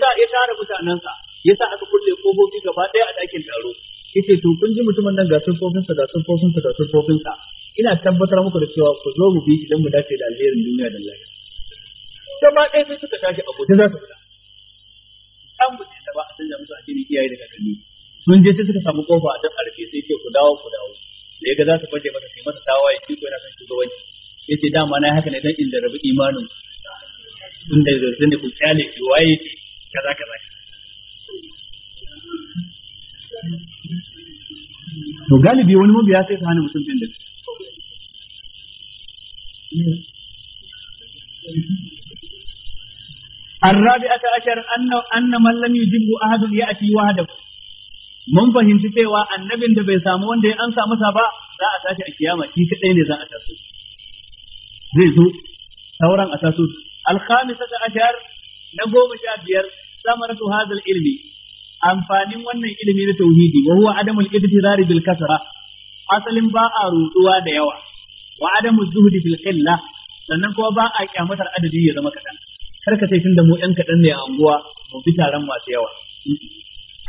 sai sa ya mutanen sa. ya sa aka kulle kofofi gaba daya a dakin taro yace to kun ji mutumin nan ga sun sa ga sun sa ga sun sa ina tabbatar muku da cewa ku zo mu bi shi don mu dace da alherin duniya da lafiya ma ɗaya sai suka tashi a za su fita an ba ta ba a canza musu addini iyaye da kakanni sun je sai suka samu kofa a dan arfe sai ce ku dawo ku dawo da yaga za su baje masa sai masa tawaye shi ko yana son shugabanci yace dama na haka ne dan in da rabu imanin in da zan da ku tsale ki waye ki kaza kaza to galibi wani mabiya sai ka hana din da su الرابعة عشر أن أن من لم يجبه أحد يأتي وحده mun fahimci cewa annabin da bai samu wanda ya ansa masa ba za a tashi a kiyama shi kadai ne za a taso zai zo sauran a taso alkhamisata ashar na goma sha biyar sama samaratu hadal ilimi, amfanin wannan ilimi na tauhidi wa huwa adamul iktirari bil kasra asalin ba a rutuwa da yawa wa adamu zuhdi fil qilla sannan kuma ba a kyamatar adadi ya zama kadan kar ka sai tunda mu ɗan kadan ne a anguwa mu bi taron masu yawa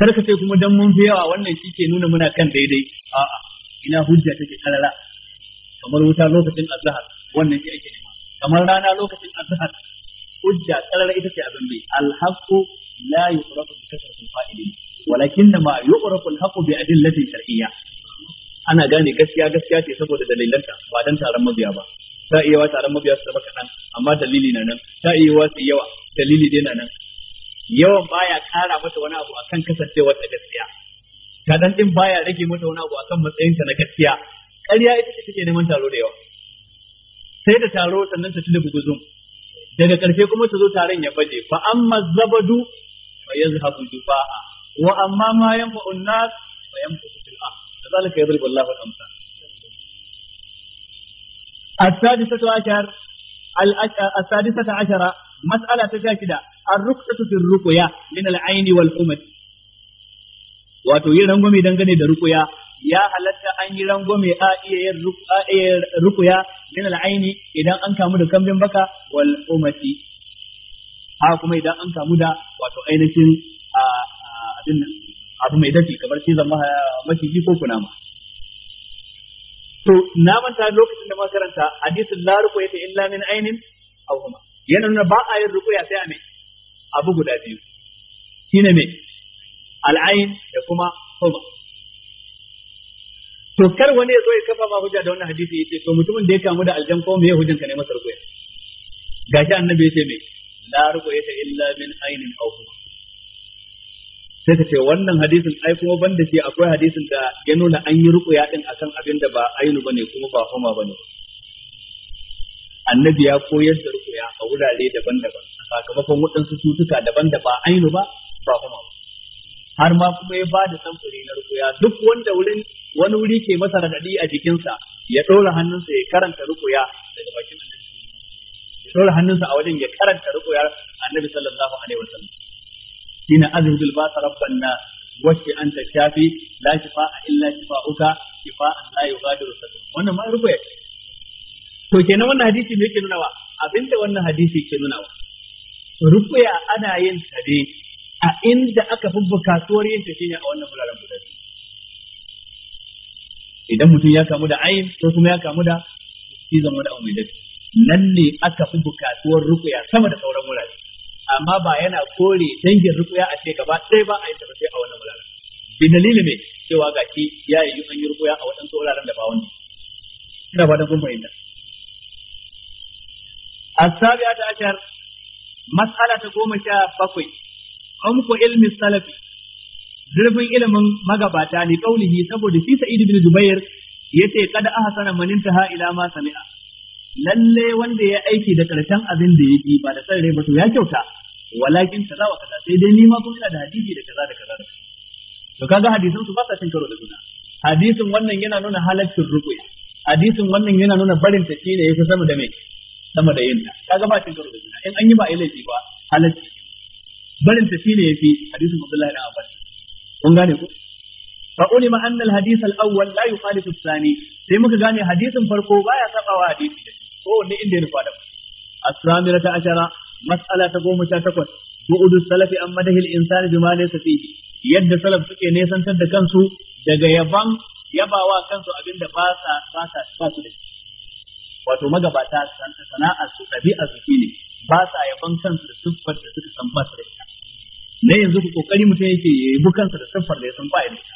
kar ka sai kuma dan mun fi yawa wannan shike nuna muna kan daidai a a ina hujja take karara kamar wuta lokacin azhar wannan shi ake nema kamar rana lokacin azhar hujja karara ita ce abin bai alhaqu la yuqrafu bi kasratil fa'ilin walakin ma yuqrafu alhaqu bi adillatin shar'iyya ana gane gaskiya gaskiya ce saboda dalilanta ba dan taron mabiya ba ta iya wa taron mabiya su zama kaɗan amma dalili na nan ta iya wa su yawa dalili dai na nan yawan baya ƙara mata wani abu akan kasancewar ta gaskiya kaɗan ɗin baya rage mata wani abu akan matsayinta na gaskiya ƙarya ita ce take neman taro da yawa sai da taro sannan ta tuna buguzun daga ƙarshe kuma ta zo taron ya baje fa amma zabadu fa hafu dufa'a wa amma ma yamma'un nas fa yanfa'u كذلك يضرب الله الأمثال السادسة عشر السادسة عشرة مسألة تشاكدة الرقصة في الرقية من العين والأمد wato yin rangwame dangane da rukuya ya halatta an yi rangwame a iya yin rukuya min al'aini idan an kamu da kambin baka wal umati ha kuma idan an kamu da wato ainihin abin nan abu mai dafi kamar cizon maciji ko kunama to na manta lokacin da makaranta hadisin la ya ta illa min ainin aw huma yana nuna ba a yin ruqya sai a me abu guda biyu shine me al'ain da kuma huma to kar wani ya zo ya kafa ma hujja da wannan hadisi yace to mutumin da ya kamu da aljan ko me hujjanka ne masa ruqya gashi annabi yace me la ya ta illa min ainin aw huma sai ka ce wannan hadisin ai kuma ban da shi akwai hadisin da ya nuna an yi ruƙuya din akan abin da ba ainu bane kuma ba homa bane annabi ya koyar da ruƙuya a wurare daban-daban sakamakon waɗansu cutuka daban da ba ainu ba ba homa ba har ma kuma ya ba da samfuri na rukuya duk wanda wurin wani wuri ke masa radadi a jikinsa ya ɗora hannunsa ya karanta rukuya daga bakin annabi ya ɗora hannunsa a wajen ya karanta rukuya annabi sallallahu alaihi wasallam shine azhudul basa rabban nas an ta shafi la shifa'a illa shifa'uka shifa'an la yughadiru sadra wannan ma rubuya ce to kenan wannan hadisi me yake nunawa abinda wannan hadisi ke nunawa rubuya ana yin ta ne a inda aka fi bukatuwar yin ta shine a wannan bulalan bulalan idan mutum ya kamu da ayin ko kuma ya kamu da cizon wani abu mai nan ne aka fi bukatuwar rukuya sama da sauran wurare amma ba yana kore dangin rukuya a ce gaba ɗaya ba a yi tafi a wannan wuraren bin dalili ne cewa ga shi ya yi an yi rukuya a waɗansu wuraren da ba wani
ina da kun fahimta
asabiya ta ashar mas'ala ta goma sha bakwai amko ilmi salafi zurfin ilimin magabata ne kaulihi saboda shi Sa'idu bin jubair ce kada ahsana man intaha ila ma sami'a lalle wanda ya aiki da karshen abin da ya ba da san ba to ya kyauta walakin kaza wa kaza sai dai ni ma kuma ina da hadisi da kaza da kaza da kaza to kaga hadisin su ba sa cin karo da juna hadisin wannan yana nuna halaccin rubuya hadisin wannan yana nuna barin ta shine yasa sama da mai sama da yin ta kaga ba cin karo da juna in an yi ba a laifi ba halacci barin ta shine yafi hadisin Abdullahi da Abbas kun gane ko fa ulima anna al hadith al awwal la yukhalifu al thani sai muka gane hadisin farko baya sabawa hadisi da ko wanne inda ya nufa da as-samirata ashara Matsala ta goma sha takwas bu'udu salafi an madahil insani bima laysa fihi yadda salaf suke nesantar da kansu daga yaban yabawa kansu abinda ba sa ba sa ba su da wato magabata sana'a su dabi'a su ne ba sa yaban kansu da siffar da suka san ba su na yanzu ku kokari mutum yake yabi kansa da siffar da ya san ba da ita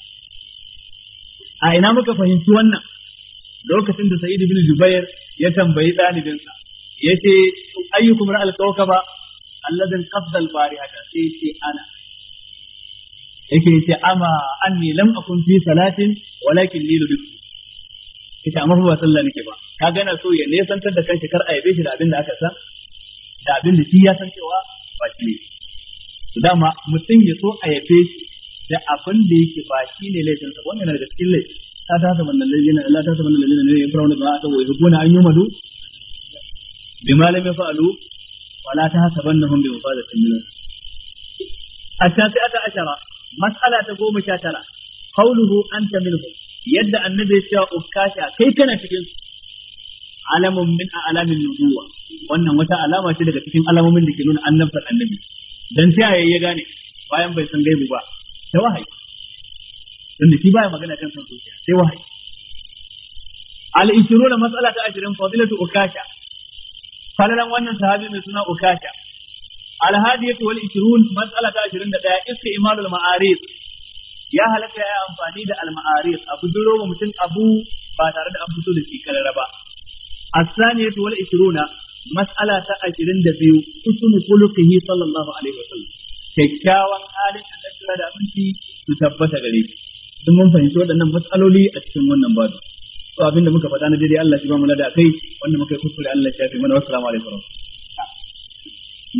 a ina kuka fahimci wannan lokacin da sa'id ibn jubair ya tambayi ɗalibinsa yace ayyukum ra'al kawkaba alladhin qabda al-barihata sai yace ana yake yace ama anni lam akun fi salatin walakin ni lubitu yace amma ba sallah nake ba ka gana so ya nesantar da kanshi kar a yabe shi da abin da aka san da abin da shi ya san cewa ba shi ne dama mutum ya so a yabe shi da abin da yake ba shi ne laifinsa wannan daga cikin laifi ta ta ta wannan laifi na Allah ta ta wannan laifi ne ya fara wannan ba ta wai gona an yi madu bima lam yafalu wala tahsabannahum bi mafadatin min التاسعة عشرة مسألة تقوم شاترة قوله أنت منهم يد النبي سوى أفكاشا كيف كان تكين علم من أعلام النبوة وأن متى علامة تلك تكين علم من لكنون أن نفسر النبي dan ta yaya ya bayan bai san gaibu ba ta wahayi tunda shi baya magana kan san zuciya sai wahayi al-ishruna mas'alata 20 fadilatu ukasha falalan wannan sahabi mai suna ukasha alhadiyatu wal 20 mas'ala ta 21 istimalul ma'arif ya halatta ya amfani da al-ma'arif abu duro wa mutum abu ba tare da an fito da shi karara ba as-saniyatu wal 20 mas'ala ta 22 usulu khuluqihi sallallahu alaihi wasallam kyakkyawan halin Allah da aminci su tabbata gare shi mun fahimci waɗannan mas'aloli a cikin wannan babu to abinda muka faɗa na daidai Allah shi ba mu lada kai wanda muka yi kuskure Allah shi ya fi mana wassalamu alaikum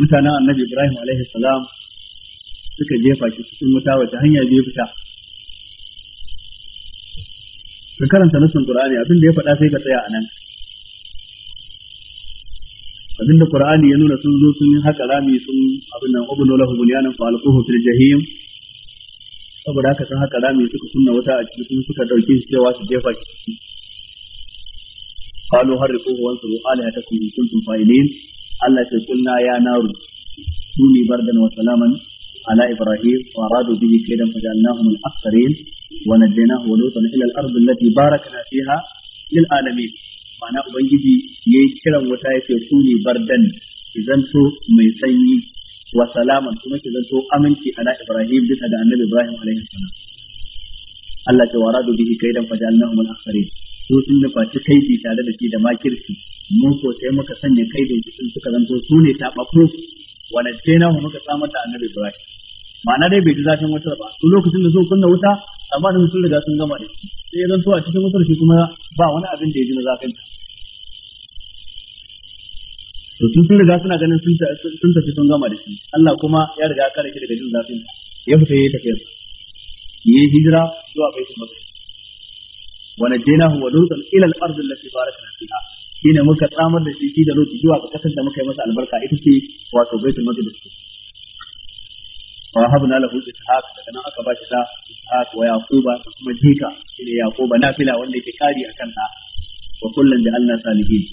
mutanen annabi Ibrahim alaihi salam suka jefa shi cikin wuta wata hanya biyu fita ka karanta nasin Qur'ani abin da ya faɗa sai ka tsaya anan. nan abin da Qur'ani ya nuna sun zo sun haka rami sun abin nan ubnu lahu bunyanan fa alquhu fil jahim saboda haka sun haka rami suka sunna wuta a cikin suka dauke shi cewa su jefa shi قالوا هرقوه وانصروا آلهتكم إن كنتم فاعلين الله قلنا يا نار كوني بردا وسلاما على إبراهيم وأرادوا به كيدا فجعلناهم الأكثرين ونجيناه ولوطا إلى الأرض التي باركنا فيها للعالمين ma'ana ubangiji ya kiran wuta ya ce ku ne bardan mai sanyi wa kuma ki zanto aminci ala ibrahim bisa da annabi ibrahim alaihi su sun da kai kaidi tare da shi da makirci mun ko sai muka sanya kaidin su suka zanto su ne bako? wanda sai na muka samar da annabi Ibrahim ma'ana dai bai ji zafin wata ba su lokacin da sun kunna wuta amma da sun riga sun gama da shi sai ya zanto a cikin wutar shi kuma ba wani abin da ya ji na zafin ta to sun sun riga suna ganin sun tafi sun gama da shi Allah kuma ya riga kare shi daga jin zafin ta ya fita yayi tafiyar yayi hijira zuwa baitul maqdis wa najaynahu wa lutan ila al-ardh allati barakna fiha shine muka tsamar da shi shi da lutu zuwa ga kasar muka yi masa albarka ita ce wato baitul maqdis wa habna lahu ishaq daga nan aka bashi da wa kuma wanda akan da wa kullun ja'alna salihin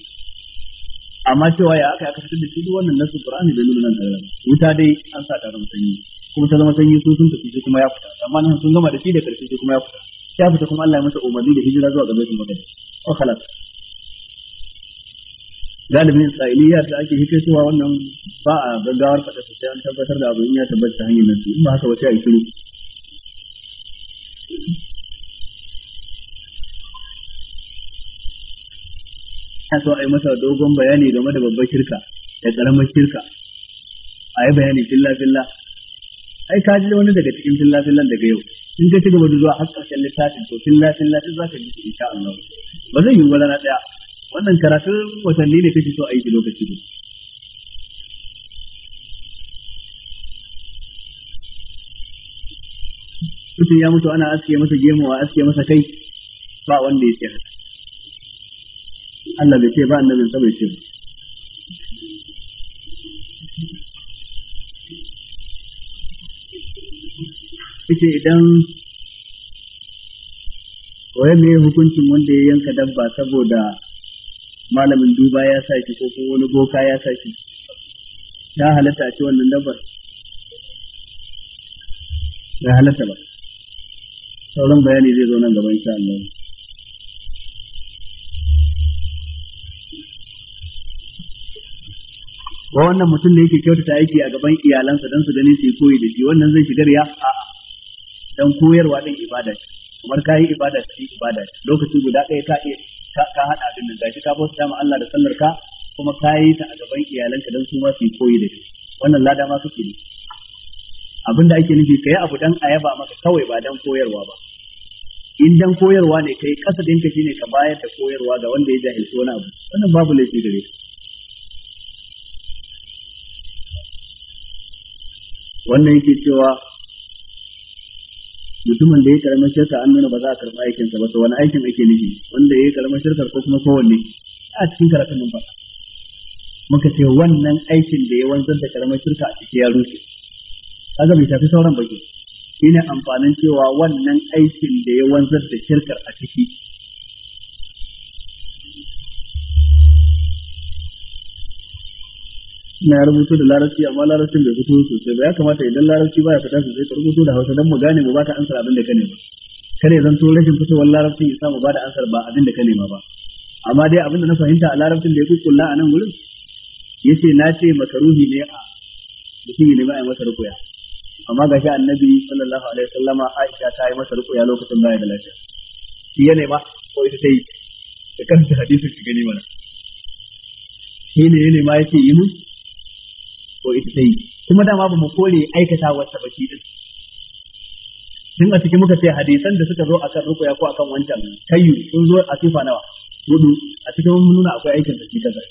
amma cewa ya aka aka fitar da shi duk wannan nasu qur'ani da nuna nan da wuta dai an sa taron sanyi kuma ta zama sanyi sun tafi kuma ya fita amma nan sun gama da shi da karshe kuma ya fita ya fita kuma Allah ya masa umarni da hijira zuwa ga baitul maqdis wa khalas galibin isra'iliya da ake hikaitowa wannan
ba a gaggawar fata sosai an tabbatar da abin ya tabbata ta hanyar nasu in ba haka wace a yi shiru
ya so a yi masa dogon bayani game da babbar shirka da karamar shirka a yi bayani filla filla ai ka ji wani daga cikin filla fillan daga yau in ka ci gaba da zuwa har ƙarshen littafin to filla filla duk za ka ji su insha Allah ba zai yi wani na ɗaya wannan karatun watanni ne kake so a yi lokaci ne mutum ya mutu ana aske masa gemu a aske masa kai ba wanda ya ce Allah bai ce ba annabin sa bai ce ba suke idan waye ne hukuncin wanda ya yanka dabba saboda malamin duba ya sa shi ko kuma wani boka ya sa shi ya halatta a ce wannan dabbar
ya halatta ba sauran bayani zai zo nan gaba insha Allah wa
wannan mutum da yake kyautata aiki a gaban iyalansa don su gani su yi koyi da shi wannan zai shigar ya? a'a dan koyarwa din ibada ce kamar kai ibada ce ibada ce lokaci guda ɗaya ka ka ka hada din nan gashi ka bauta ma Allah da sallar ka kuma ka yi ta a gaban iyalanka dan su ma su koyi da kai wannan lada ma suke ne abin ake nufi kai abu dan ayaba maka kawai ba dan koyarwa ba in dan koyarwa ne kai kasa dinka shine ka bayar da koyarwa ga wanda ya jahilci wani abu
wannan babu laifi gare ka wannan yake cewa
mutumin da ya karama shirka an nuna ba za a karɓa aikinsa ba to wani aikin ake nufi wanda ya yi shirka ko kuma kowanne a cikin karatun nan ba muka ce wannan aikin da ya wanzar da karama shirka a cikin ya rushe kaga bai tafi sauran baki shine amfanin cewa wannan aikin da ya wanzar da shirkar a ciki na rubuto da larabci amma larabcin bai fito sosai ba ya kamata idan larabci baya fita sosai ka rubutu da hausa don mu gane mu ba ta ansar abin da ka nema kare zan to rashin fitowar larabcin ya samu ba da ansar ba abin da ka nema ba amma dai abin da na fahimta a larabcin da ya kukkulla a nan wurin Ya ce na ce makaruhi ne a mutum ya nema a masa rukuya amma shi annabi sallallahu alaihi wasallama Aisha ta yi masa rukuya lokacin baya da lafiya shi ya nema ko ita ta yi da kanta hadisin shi gani mana shi ne ya nema yake yi mu Ko ita ta yi kuma dama ba mu kore aikata wata ba shi din tun a cikin muka ce hadisan da suka zo a kan rukuya ko akan wancan kayu sun zo a sifa nawa hudu a cikin mun nuna akwai aikin da shi kaza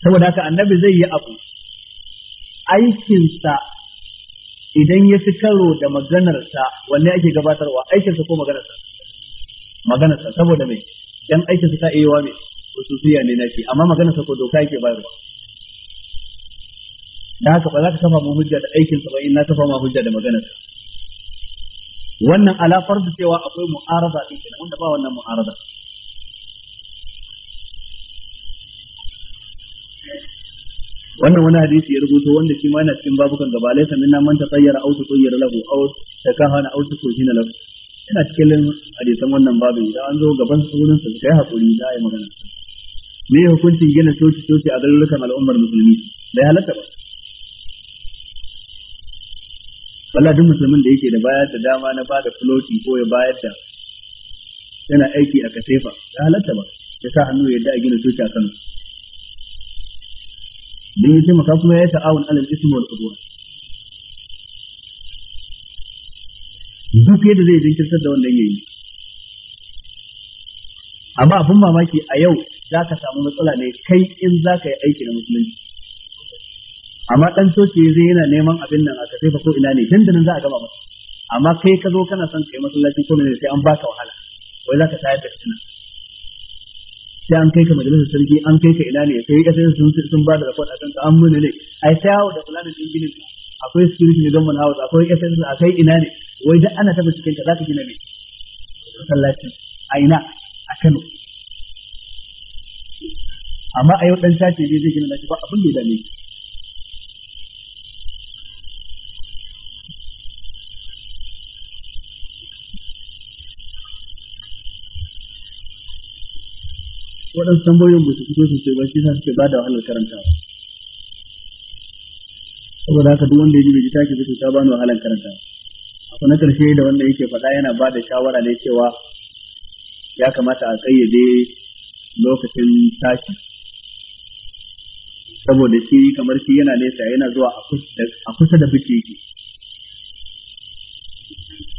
saboda haka annabi zai yi abu aikinsa idan ya fi karo da maganarsa wanne ake gabatarwa aikinsa ko maganarsa maganarsa saboda mai dan aikinsa ta iya wa mai wasu suya ne nashi amma maganarsa ko doka yake bayarwa Na haka ba za ka kafa mu hujja da aikin sa in na kafa mu hujja da maganar wannan ala fardu cewa akwai mu'arada din kenan wanda ba wannan mu'arada wannan wani hadisi ya rubuto wanda shi ma yana cikin babukan gaba laisa minna man tatayyara aw tatayyara lahu aw takahana aw tukuhina lahu yana cikin hadisan wannan babu idan an zo gaban sunan sa kai hakuri da ayi magana me hukuncin gina coci coci a garurukan al'ummar musulmi bai halatta ba wala duk musulmin da yake da bayar da dama na bada floti ko ya bayar da yana aiki a kasefa ta halatta ba ya sa hannu yadda a gina tuta kanu dan yi taimaka kuma ya yi ta'awun alal ismi wal udwan duk yadda zai jinkirtar da wannan yayi amma abin mamaki a yau za ka samu matsala ne kai in za ka yi aiki na musulunci amma dan coci zai yana neman abin nan aka sai ko ina ne dandanan za a gama masa amma kai ka zo kana son kai masallaci ko ne sai an baka wahala wai zaka tsaya da fitina sai an kai ka majalisar sarki an kai ka ina ne sai ka sai sun sun ba da report akan ka an muni ne ai sai hawo da fulani din ginin akwai security ne don mun hawo akwai SS akwai ina ne wai duk ana tabbata cikin ka zaka gina me masallacin a ina a Kano amma a yau dan sace ne zai gina lafiya ba abin
da ya dame shi waɗansu tambayoyin ba su fito sosai ba shi sa suke ba da wahalar karantawa
saboda haka duk wanda ya ji bai ji take ba ta bani wahalar ba. abu na ƙarshe da wanda yake faɗa yana ba da shawara ne cewa ya kamata a ƙayyade lokacin tashi saboda shi kamar shi yana nesa yana zuwa a kusa da fice yake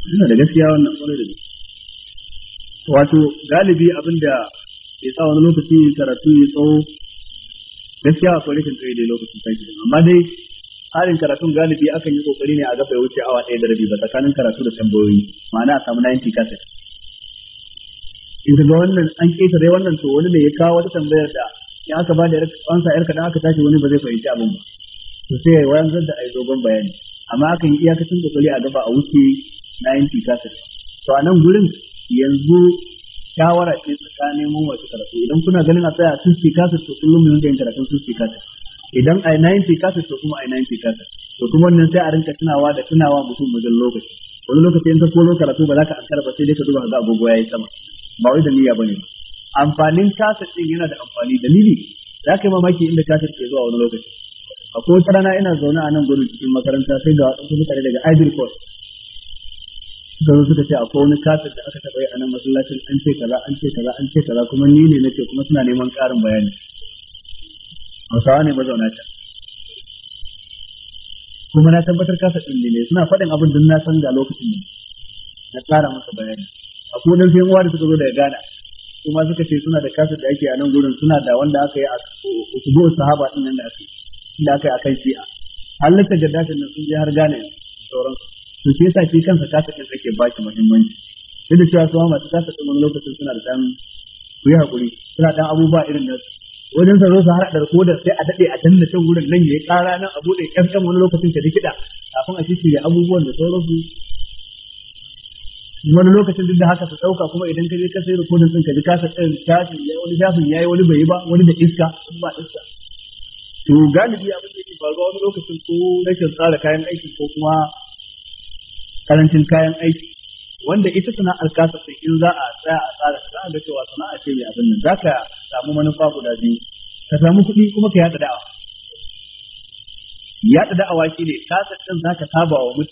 yana da gaskiya wannan kwarai da gaske wato galibi abinda ya sa wani lokaci karatu ya tsawo gaskiya akwai rashin tsaye da lokacin sai amma dai halin karatun galibi akan yi kokari ne a gaba ya wuce awa ɗaya da rabi ba tsakanin karatu da tambayoyi ma'ana a samu 90 kaset in ga wannan an rai wannan to wani ne ya kawo wata tambayar da in aka ba da ansa yar kaɗan aka tashi wani ba zai fahimci abin ba to sai ya wayan zan da yi dogon bayani amma akan yi iyakacin kokari a gaba a wuce 90 kaset to a nan gurin yanzu shawara ce tsakanin mu wasu karatu idan kuna ganin a tsaya sun fi kasa to kullum mun ga karatu sun fi kasa idan ai nayin fi kasa to kuma ai nayin fi kasa to kuma wannan sai a rinka tunawa da tunawa mutum wajen lokaci wani lokaci in ka koro karatu ba za ka ankara ba sai dai ka zuba ga agogo yayi sama ba wai da niyya bane ba amfanin kasa din yana da amfani dalili za ka yi mamaki inda kasa ke zuwa wani lokaci akwai wata rana ina zaune a nan gudun cikin makaranta sai ga wasu mutane daga Ivory Coast suka suka ce akwai wani kafin da aka taɓa yi a nan masallacin an ce kaza an ce kaza an ce kaza kuma ni ne nake kuma suna neman ƙarin bayani hausawa ne mazauna can kuma na tabbatar kasa ɗin ne suna faɗin abin da na san ga lokacin ne na ƙara masa bayani a wani fiyan uwa da suka zo daga gana kuma suka ce suna da kasa da ake a nan gurin suna da wanda aka yi a usubu sahaba ɗin nan da aka yi aka yi a kan shi'a halittar lakta nan sun je har gane sauransu to shi yasa shi kansa kasa din sake ba shi muhimmanci duk da cewa su masu kasa din wani lokacin suna da dan ku yi hakuri suna dan abubuwa irin da su wajen sa zo su haɗa da sai a daɗe a danna can wurin nan ya yi ƙara nan a buɗe ƴan kan wani lokacin ka rikida kafin a shirya abubuwan da sauransu wani lokacin duk da haka su ɗauka kuma idan ka je ka sai rikodin ɗin ka ji kasa ɗin shafin ya wani shafin ya yi wani bai yi ba wani da iska sun ba iska to galibi abin da ke faruwa wani lokacin ko rashin tsara kayan aiki ko kuma karancin kayan aiki wanda ita sana'ar kasa sai in za a tsaya a tsara za a ga cewa sana'a ce mai abin nan zaka samu manufa guda biyu ka samu kuɗi kuma ka yaɗa da'awa
yaɗa da'awa shi ne kasa za zaka saba wa